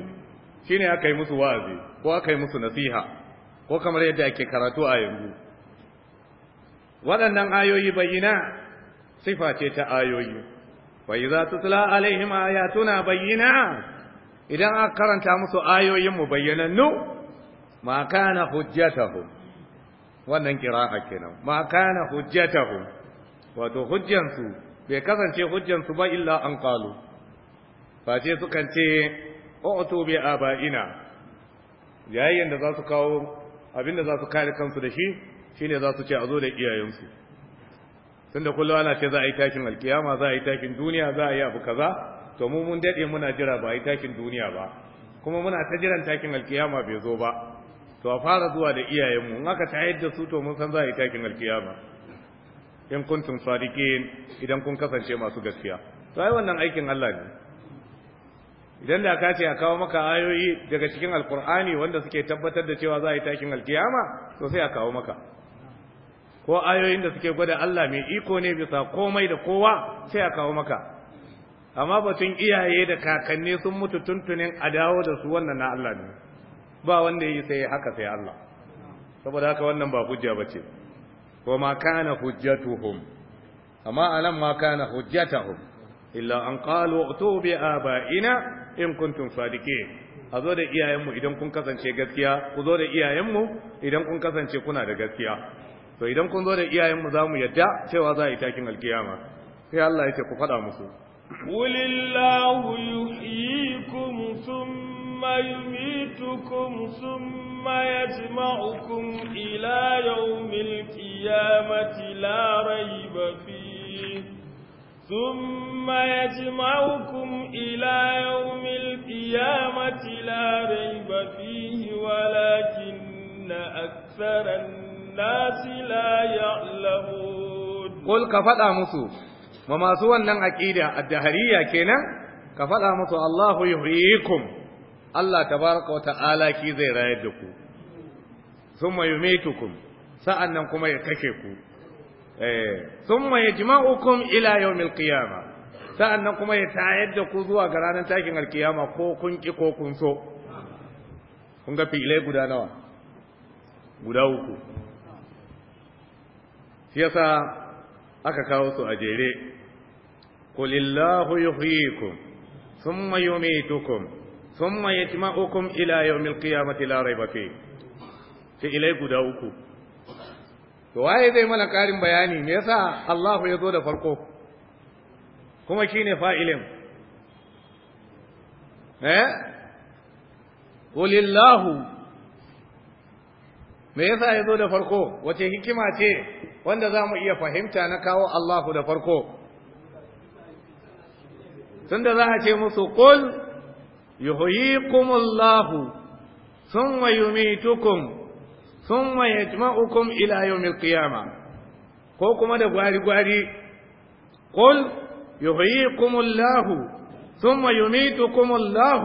shine aka yi musu wa'azi ko aka yi musu nasiha ko kamar yadda ake karatu a yanzu waɗannan ayoyi bayyana sifa ce ta ayoyi za su tula alaihim tuna bayyana idan aka karanta musu ayoyinmu bayyanannu ma kana hujjatahu. wannan kira a kenan ma kana hujjatahu. wato hujjansu bai kasance hujjansu ba illa an kalu. face sukan ce o'tu bi aba'ina yayin da za su kawo abinda da za su kare kansu da shi shine za su ce a zo da iyayensu tunda kullum ana ce za a yi takin alkiyama za a yi takin duniya za a yi abu kaza to mu mun dade muna jira ba a yi takin duniya ba kuma muna ta jiran takin alkiyama bai zo ba to a fara zuwa da iyayenmu in aka tayar da su to mun san za a yi takin alkiyama in kuntum sadiqin idan kun kasance masu gaskiya to ai wannan aikin Allah ne idan da ka ce a kawo maka ayoyi daga cikin alkur'ani wanda suke tabbatar da cewa za a yi takin alkiyama to sai a kawo maka ko ayoyin da suke gwada Allah mai iko ne bisa komai da kowa sai a kawo maka amma batun iyaye da kakanni sun mutu tuntunin a dawo da su wannan na Allah ne ba wanda yi sai haka sai Allah saboda haka wannan ba hujja bace ko ma kana hujjatuhum amma alam ma kana hujjatuhum illa an qalu ugtu bi abaina in kuntum sadiqin a zo da iyayenmu idan kun kasance gaskiya ku zo da iyayenmu idan kun kasance kuna da gaskiya to idan kun zo da iyayenmu za mu yadda cewa za a yi takin alkiyama sai Allah ya ku faɗa musu قل الله يحييكم ثم يميتكم ثم يجمعكم إلى يوم القيامة لا ريب فيه ثم يجمعكم إلى يوم القيامة لا ريب فيه ولكن أكثر الناس لا يعلمون قل كفتا مسو وما سوى أن أكيد الدهرية كنا كفتا مسو الله يهريكم الله تبارك وتعالى كي زي رايدكم ثم يميتكم سأنكم يكشفكم Eh, thumma yajma'ukum ila yawmil qiyamah sa'annan kuma ya tayar da ku zuwa ga ranar takin alkiyama ko kun ki ko kun so kun ga filai guda nawa guda uku shi yasa aka kawo su a jere kulillahu yuhyikum thumma yumitukum thumma yatma'ukum ila yawmil qiyamati la rayba fi fi ilai guda uku to waye zai mana ƙarin bayani me yasa Allahu ya zo da farko kuma shine fa'ilin eh qulillahu me yasa ya zo da farko wace hikima ce wanda za mu iya fahimta na kawo Allahu da farko tunda za a ce musu qul Sun thumma yumitukum thumma yajma'ukum ila yawmil qiyama ko kuma da gwari gwari qul yuhyikum Allah thumma yumitukum Allah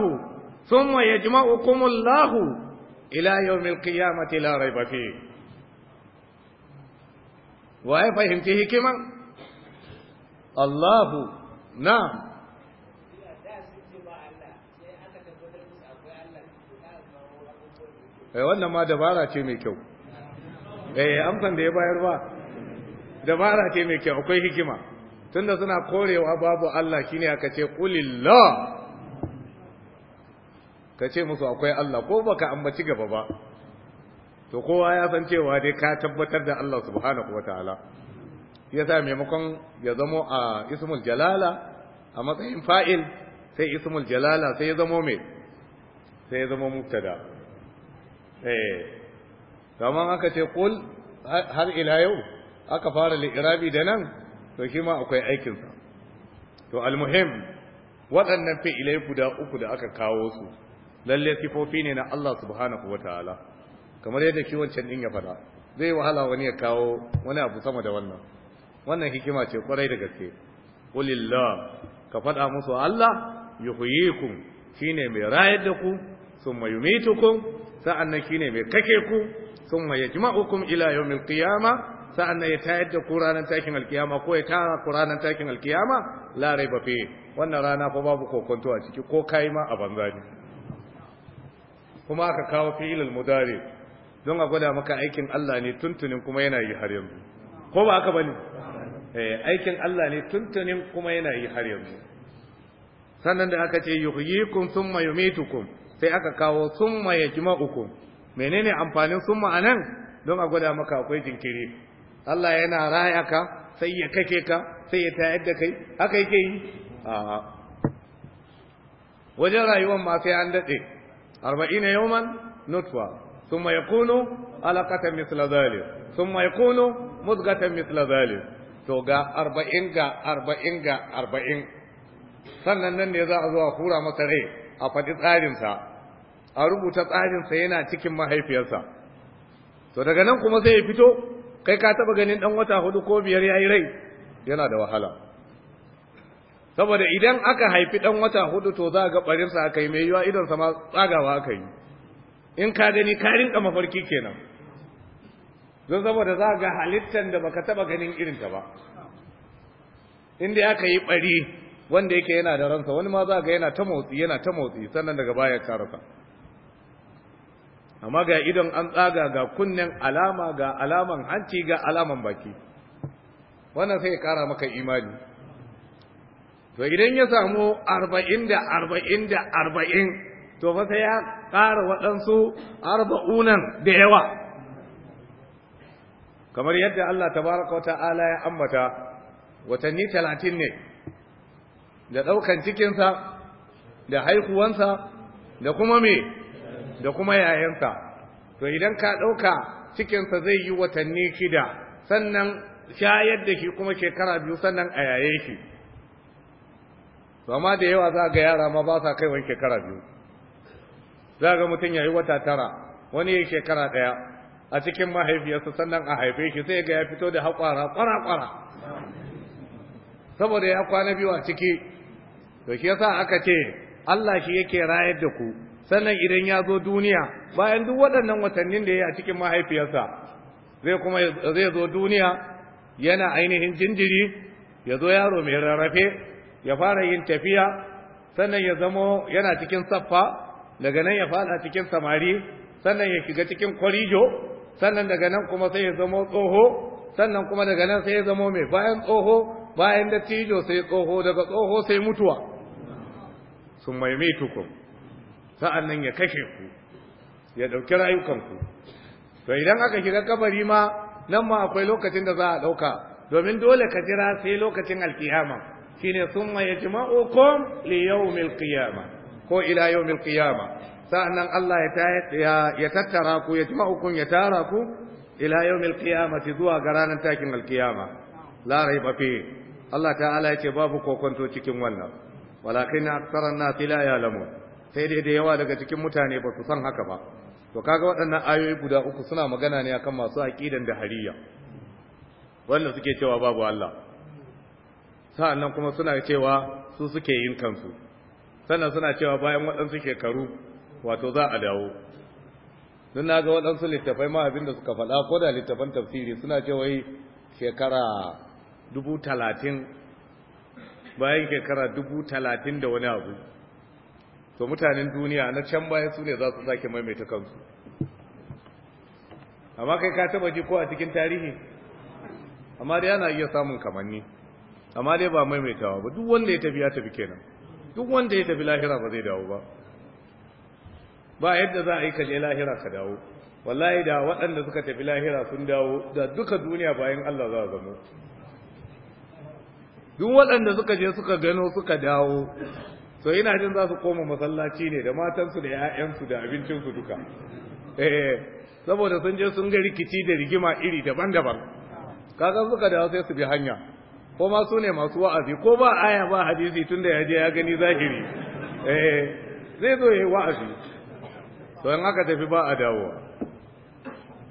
thumma yajma'ukum Allah ila yawmil qiyamati la rayba fihi wa ya fahimci hikiman Allahu na'am eh wannan ma dabara ce mai kyau eh amsan da ya bayar ba dabara ce mai kyau akwai hikima tunda suna korewa babu Allah shine aka ce qulillah ka musu akwai Allah ko baka ambaci gaba ba to kowa ya san cewa dai ka tabbatar da Allah subhanahu wataala yasa maimakon ya zamo a ismul jalala a matsayin fa'il sai ismul jalala sai ya zamo mai sai ya zamo mubtada E eh, kamar aka ce kul har ila yau aka fara li'irabi da nan to shi ma akwai aikinsa to almuhim waɗannan fi'ilai guda uku da aka kawo su lalle sifofi ne na Allah subhanahu wataala kamar yadda shi wancan din ya faɗa zai wahala wani ya kawo wani abu sama da wannan wannan hikima ce kwarai da gaske qulillah ka faɗa musu Allah yuhyikum shine mai rayar da ku summa yumitukum Sa'an nan shi ne mai kake ku thumma yajma'ukum ilayen milkiyama Sa'an nan ya tayar da ku ranar takin alkiyama ko ya tara ku ranar takin alkiyama Larai bafe. wannan rana ko babu kokonto a ciki ko kayi ma a banza ne kuma aka kawo filin mudare don a gwada maka aikin Allah ne tuntunin kuma yana yi har yanzu ko ba haka bane eh, aikin Allah ne tuntunin kuma yana yi har yanzu sannan da aka ce yuhyikum thumma yumitukum sai aka kawo summa ya jima uku menene amfanin summa a nan don a gwada maka akwai jinkiri Allah yana raya ka sai ya kake ka sai ya tayar da kai haka yake yi wajen rayuwar ma sai an daɗe arba'ina yawman nutfa kuno يكون misla مثل ذلك ya kuno مزغة misla ذلك to ga arba'in ga arba'in ga arba'in sannan nan ne za a zo a hura masa rai a faɗi tsarinsa a rubuta tsarinsa yana cikin mahaifiyarsa to daga nan kuma sai ya fito kai ka taɓa ganin ɗan wata hudu ko biyar ya yi rai yana da wahala saboda idan aka haifi ɗan wata hudu to za a ga ɓarinsa aka yi mai yiwa idonsa ma tsagawa aka yi in ka gani ka rinka mafarki kenan don saboda za ga halittar da baka taba ganin irinta ba inda aka yi bari wanda yake yana da ransa wani ma za ga yana ta motsi yana ta motsi sannan daga baya karasa amma ga idon an tsaga ga kunnen alama ga alaman hanci ga alaman baki wannan sai ya kara maka imani to idan ya samu arba'in da arba'in da arba'in to fa sai ya ƙara waɗansu arba'unan da yawa kamar yadda Allah tabaraka wa ta'ala ya ambata watanni talatin ne da ɗaukan cikinsa da haihuwansa da kuma me da kuma yayansa to idan ka ɗauka cikinsa zai yi watanni shida sannan shayar da shi kuma shekara biyu sannan a yaye shi amma da yawa za ga yara ma ba sa kai wani shekara biyu za ga mutum ya yi wata tara wani ya shekara ɗaya a cikin mahaifiyarsa sannan a haife shi sai ga ya fito da haƙwara ƙwara-ƙwara saboda ya kwana biyu a ciki to shi yasa aka ce Allah shi yake rayar da ku sannan idan ya zo duniya bayan duk waɗannan watannin da ya a cikin mahaifiyarsa zai kuma zai zo duniya yana ainihin jinjiri ya zo yaro mai rarrafe ya fara yin tafiya sannan ya zamo yana cikin saffa daga nan ya fada cikin samari sannan ya shiga cikin kwarijo sannan daga nan kuma sai ya zamo tsoho sannan kuma daga nan sai ya zamo mai bayan tsoho bayan dattijo sai tsoho daga tsoho sai mutuwa sun ku sa'an nan ya kashe ku ya ɗauki rayukanku to idan aka shiga kabari ma nan ma akwai lokacin da za a ɗauka domin dole ka jira sai lokacin alkiyama shine sun ma yajma'ukum li yau milkiyama, ko ila milkiyama sa’an sa'annan Allah ya tattara ku ya jima'ukun ya tara ku ila yau milkiyama kiyamati zuwa ga ranar takin alkiyama larai bafe Allah ta'ala ya ce babu kokonto cikin wannan walakin aktsara nas la ya'lamun sai dai da yawa daga cikin mutane ba su san haka ba to kaga waɗannan ayoyi guda uku suna magana ne akan masu aqidan da hariya wanda suke cewa babu Allah sa'annan kuma suna cewa su suke yin kansu sannan suna cewa bayan waɗansu shekaru wato za a dawo don na ga waɗansu littafai ma abinda suka faɗa ko da littafan tafsiri suna cewa shekara dubu talatin bayan shekara dubu talatin da wani abu to mutanen duniya na can bayan su ne za su sake maimaita kansu amma kai ka taba ji ko a cikin tarihi amma dai yana iya samun kamanni amma dai ba maimaitawa ba duk wanda ya tafi ya tafi kenan duk wanda ya tafi lahira ba zai dawo ba ba yadda za a yi kaje lahira ka dawo wallahi da waɗanda suka tafi lahira sun dawo da duka duniya bayan Allah za a zamo duk waɗanda suka je suka gano suka dawo so ina jin za su koma masallaci ne da matansu da 'ya'yansu da abincinsu duka eh saboda sun je sun ga rikici da rigima iri daban-daban kaga suka dawo sai su bi hanya ko ma su ne masu wa'azi ko ba aya ba hadisi tunda ya je ya gani zahiri eh zai zo yayi wa'azi to in aka tafi ba a dawo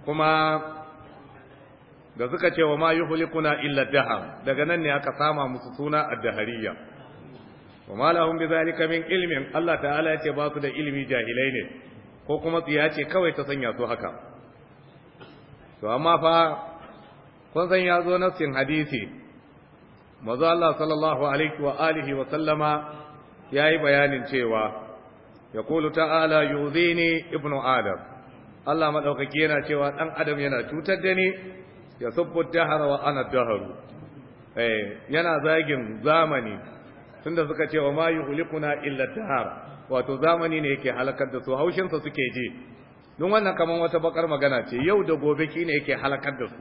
kuma da suka ce wa ma yuhlikuna illa daha daga nan ne aka sama musu suna ad-dahariya wa ma lahum bidhalika min ilmin Allah ta'ala ya ce ba su da ilimi jahilai ne ko kuma tsiya ce kawai ta sanya su haka to amma fa kun san ya zo nassin hadisi manzo Allah sallallahu alaihi wa alihi wa sallama yayi bayanin cewa yaqulu ta'ala yuzini ibnu adam Allah madaukaki yana cewa dan adam yana cutar da ni ya sabbu dahar wa ana daharu eh, yana zagin zamani tunda suka ce wa mayu ulikuna illa dahar wato zamani ne yake halakar da su haushin suke je don wannan kaman wata bakar magana ce yau da gobe kine yake halakar da su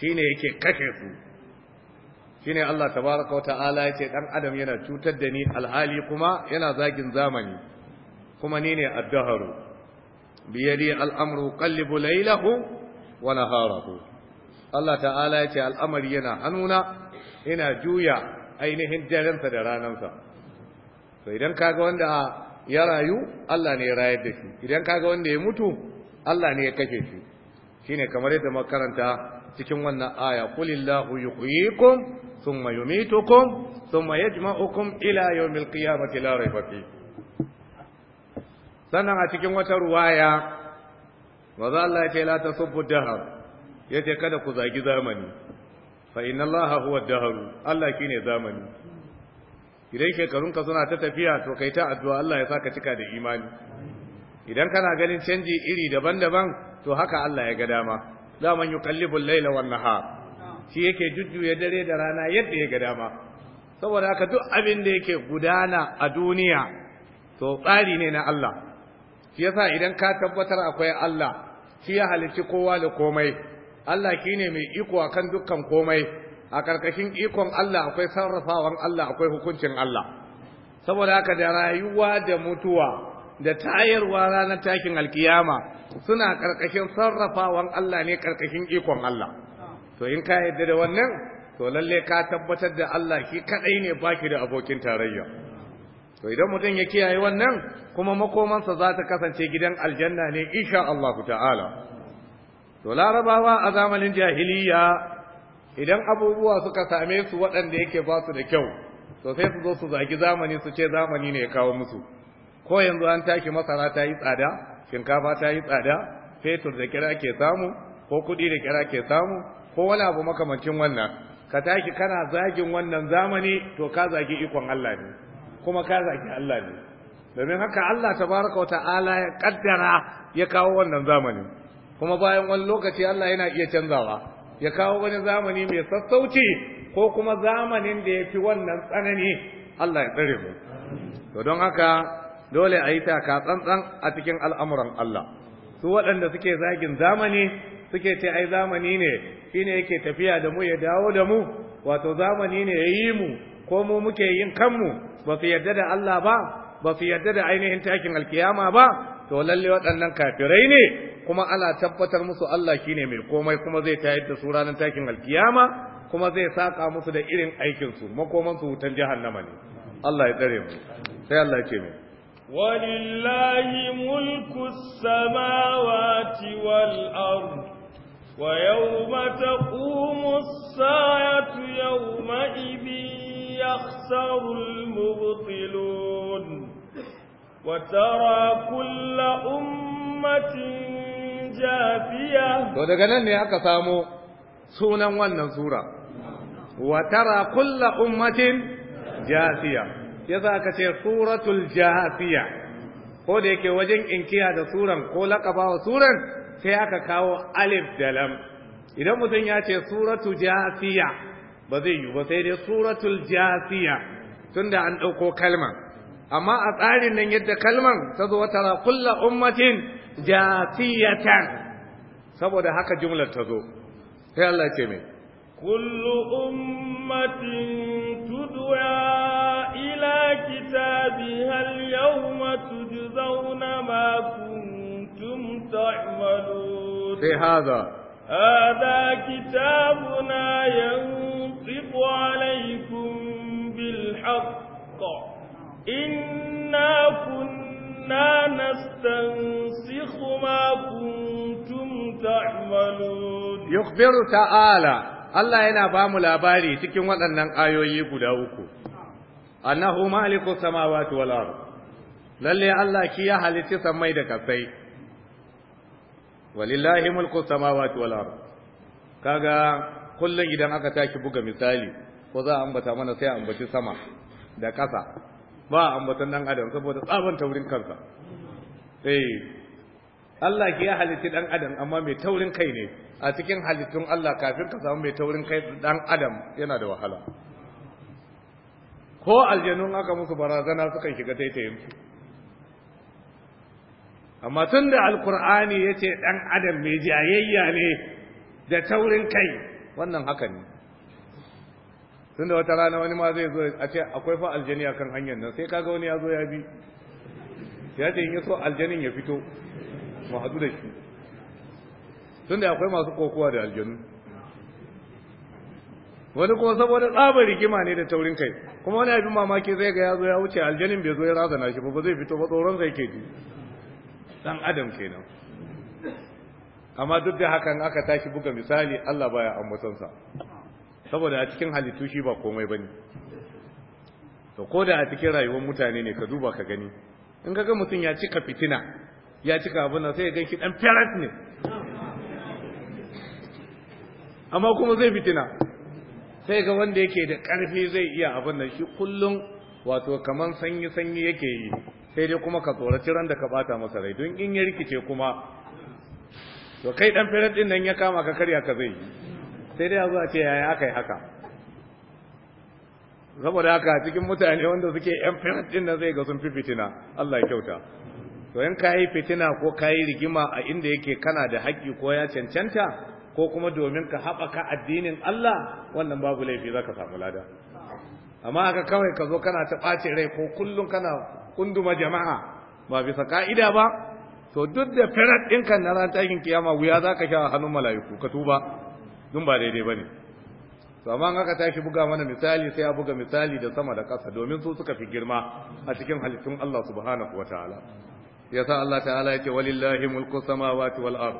shine yake kashe su shine Allah tabaraka ya yace ɗan adam yana cutar da ni alhali kuma yana zagin zamani kuma ni ne addaharu biyadi al'amru qallibu laylahu wa naharahu Allah ta'ala ya ce al'amari yana hannuna ina juya ainihin darensa da ranansa to idan kaga wanda ya rayu Allah ne ya rayar da shi idan kaga wanda ya mutu Allah ne ya kashe shi shine kamar yadda makaranta cikin wannan aya qulillahu yuhyikum thumma yumitukum thumma yajma'ukum ila yawmil qiyamati la rayba fi sannan a cikin wata ruwaya maza Allah ya ce la tasubbu Ya ce, kada ku zagi zamani fa inna allaha huwa dahru allah kine zamani idan shekarunka suna ta tafiya to kai ta addu'a allah ya saka cika da imani idan kana ganin canji iri daban-daban to haka allah ya ga dama zaman yuqallibu al-laila wan nahar shi yake jujjuya dare da rana yadda ya ga dama saboda haka duk abin da yake gudana a duniya to tsari ne na Allah shi yasa idan ka tabbatar akwai Allah shi ya halicci kowa da komai Allah shi ne mai iko akan dukkan komai a ƙarƙashin ikon Allah akwai sarrafawan Allah akwai hukuncin Allah saboda haka da rayuwa da mutuwa da tayarwa ranar takin alkiyama suna ƙarƙashin sarrafawan Allah ne ƙarƙashin ikon Allah to in ka yadda da wannan to lalle ka tabbatar da Allah shi kaɗai ne baki da abokin tarayya to idan mutum ya kiyaye wannan kuma makomansa za ta kasance gidan aljanna ne insha Allah ta'ala to larabawa a zamanin jahiliya idan abubuwa suka same su waɗanda yake ba su da kyau to sai su zo su zagi zamani su ce zamani ne ya kawo musu ko yanzu an taki masara ta yi tsada shinkafa ta yi tsada fetur da kira ke samu ko kuɗi da kira ke samu ko wani abu makamancin wannan ka taki kana zagin wannan zamani to ka zagi ikon Allah ne kuma ka zagi Allah ne domin haka Allah tabaraka wa ta'ala ya kaddara ya kawo wannan zamani. kuma bayan wani lokaci Allah yana iya canzawa ya kawo wani zamani mai sassauci ko kuma zamanin da ya fi wannan tsanani Allah ya tsare mu to don haka dole a yi taka tsantsan a cikin al'amuran Allah su waɗanda suke zagin zamani suke ce ai zamani ne shi yake tafiya da mu ya dawo da mu wato zamani ne ya yi mu ko mu muke yin kanmu ba su yarda da Allah ba ba su yarda da ainihin takin alkiyama ba to lalle waɗannan kafirai ne kuma ana tabbatar musu Allah shine mai komai kuma zai tayar da su ranar takin alkiyama kuma zai saka musu da irin aikin su makoman su wutan jahannama ne Allah ya tsare mu sai Allah ya ce mai ولله ملك السماوات والأرض ويوم تقوم الساعة يومئذ وترى كل أمة جافية to daga nan ne aka samo sunan wannan sura wa tara kulla ummatin jafiya yasa aka ce suratul jafiya ko da yake wajen inkiya da suran ko lakaba wa suran sai aka kawo alif da lam idan mutum ya ce suratu jafiya ba zai yi ba sai dai suratul jafiya tunda an ɗauko kalma amma a tsarin nan yadda kalman ta zo wata kulla ummatin jasiyatan saboda haka jumlar ta zo sai Allah ce mai kullu ummatin tudwa ila har yau yawma tujzauna ma kuntum ta'malun sai hada هذا كتابنا ينطق bil بالحق na kunna nastansikhu ma kuntum ta'malun yukhbiru ta'ala Allah yana ba mu labari cikin waɗannan ayoyi guda uku, annahu maliku samawati wal ard lalle Allah ki ya halitti samai da kasai walillahi mulku samawati wal ard kaga kullun idan aka taki buga misali ko za a ambata mana sai ambaci sama da ƙasa ba a ambatan dan adam saboda tsaban taurin kansa eh Allah ke ya halitti dan adam amma mai taurin kai ne a cikin halittun Allah kafin ka samu mai taurin kai ɗan adam yana da wahala ko aljanun aka musu barazana suka shiga taitayin su amma tun da alkur'ani ya ce dan adam mai jayayya ne da taurin kai wannan haka ne tun da wata rana wani ma zai zo a ce akwai fa aljani akan hanyar nan sai kaga wani ya zo ya bi ya ce in ya so aljanin ya fito mu haɗu da shi tun da akwai masu kokowa da aljanu wani kuma saboda tsabar rigima ne da taurin kai kuma wani abin mamaki zai ga ya zo ya wuce aljanin bai zo ya razana shi ba zai fito ba tsoron zai ke ji dan adam kenan amma duk da hakan aka tashi buga misali Allah baya ambatansa saboda a cikin halittu shi ba komai ba ne. to ko da a cikin rayuwar mutane ne ka duba ka gani in ga mutum ya cika fitina ya cika abin da, sai ya ganki dan parent ne amma kuma zai fitina sai ga wanda yake da karfi zai iya abin nan shi kullum wato kaman sanyi sanyi yake yi sai dai kuma ka tsoraci ran da ka bata masa rai don in ya rikice kuma to kai dan parent din nan ya kama ka karya ka zai yi sai dai a ce yaya aka yi haka saboda haka cikin mutane wanda suke yan firat din nan zai ga sun fi fitina Allah ya kyauta to in ka yi fitina ko ka yi rigima a inda yake kana da haƙƙi ko ya cancanta ko kuma domin ka haɓaka addinin Allah wannan babu laifi za ka samu lada amma haka kawai ka zo kana ta ɓace rai ko kullum kana kunduma jama'a ba bisa ka'ida ba to duk da firat ɗinka na ran takin kiyama wuya za ka sha hannun mala'iku ka tuba duk ba daidai bane to amma an aka tashi buga mana misali sai a buga misali da sama da ƙasa domin su suka fi girma a cikin halittun Allah subhanahu wataala yasa Allah ta'ala yake walillahi mulku samawati wal ard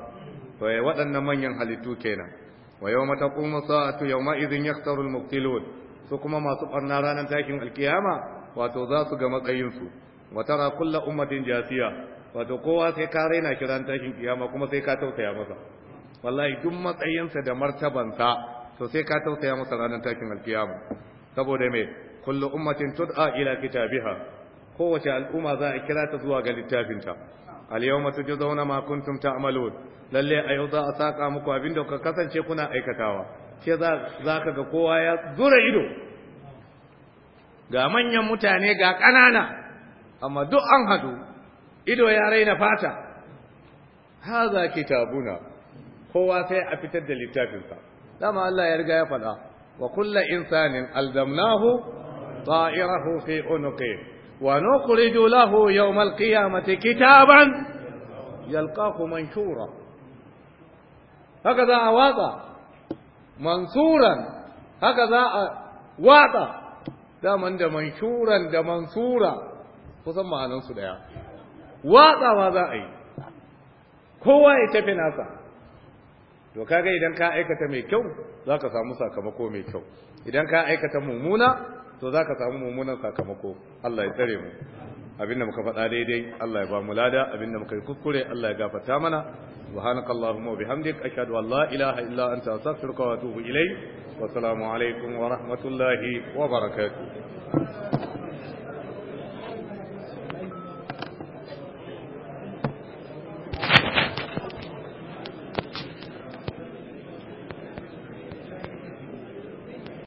to ya eh, waɗannan manyan halittu kenan wa yawma taqumu sa'atu yawma idhin yakhsaru al mubtilun su kuma masu barna ranar takin alkiyama wato za su ga matsayinsu wa tara kullu ummatin jasiya wato kowa sai ka raina kiran tashin kiyama kuma sai ka tausaya masa wallahi duk matsayinsa da martabansa to sai ka tausaya masa ranar takin alkiyama saboda me kullu ummatin tud'a ila kitabiha kowace al'umma za a kira ta zuwa ga littafinta al-yawma tujzauna ma kuntum ta'malun lalle a yau za a saka muku abin da kuka kasance kuna aikatawa ce za ka ga kowa ya zura ido ga manyan mutane ga ƙanana amma duk an hadu ido ya raina fata haza kitabuna kowa sai a fitar da littafinsa dama Allah ya riga ya faɗa wa kullu insanin alzamnahu ta'irahu fi unuqi wa nukhriju lahu yawm alqiyamati kitaban yalqahu manshura haka za a watsa mansuran haka za a watsa daman da manshuran da mansura kusan ma'anansu daya watsawa za a yi kowa ya tafi nasa to kaga idan ka aikata mai kyau za ka samu sakamako mai kyau idan ka aikata mummuna to za ka samu mummunan sakamako Allah ya tsare mu abinda muka faɗa daidai Allah ya ba mu lada abinda muka yi kuskure Allah ya gafarta mana subhanakallahumma wa bihamdik ashhadu an la ilaha illa anta astaghfiruka wa atubu ilayk wa assalamu alaikum wa rahmatullahi wa barakatuh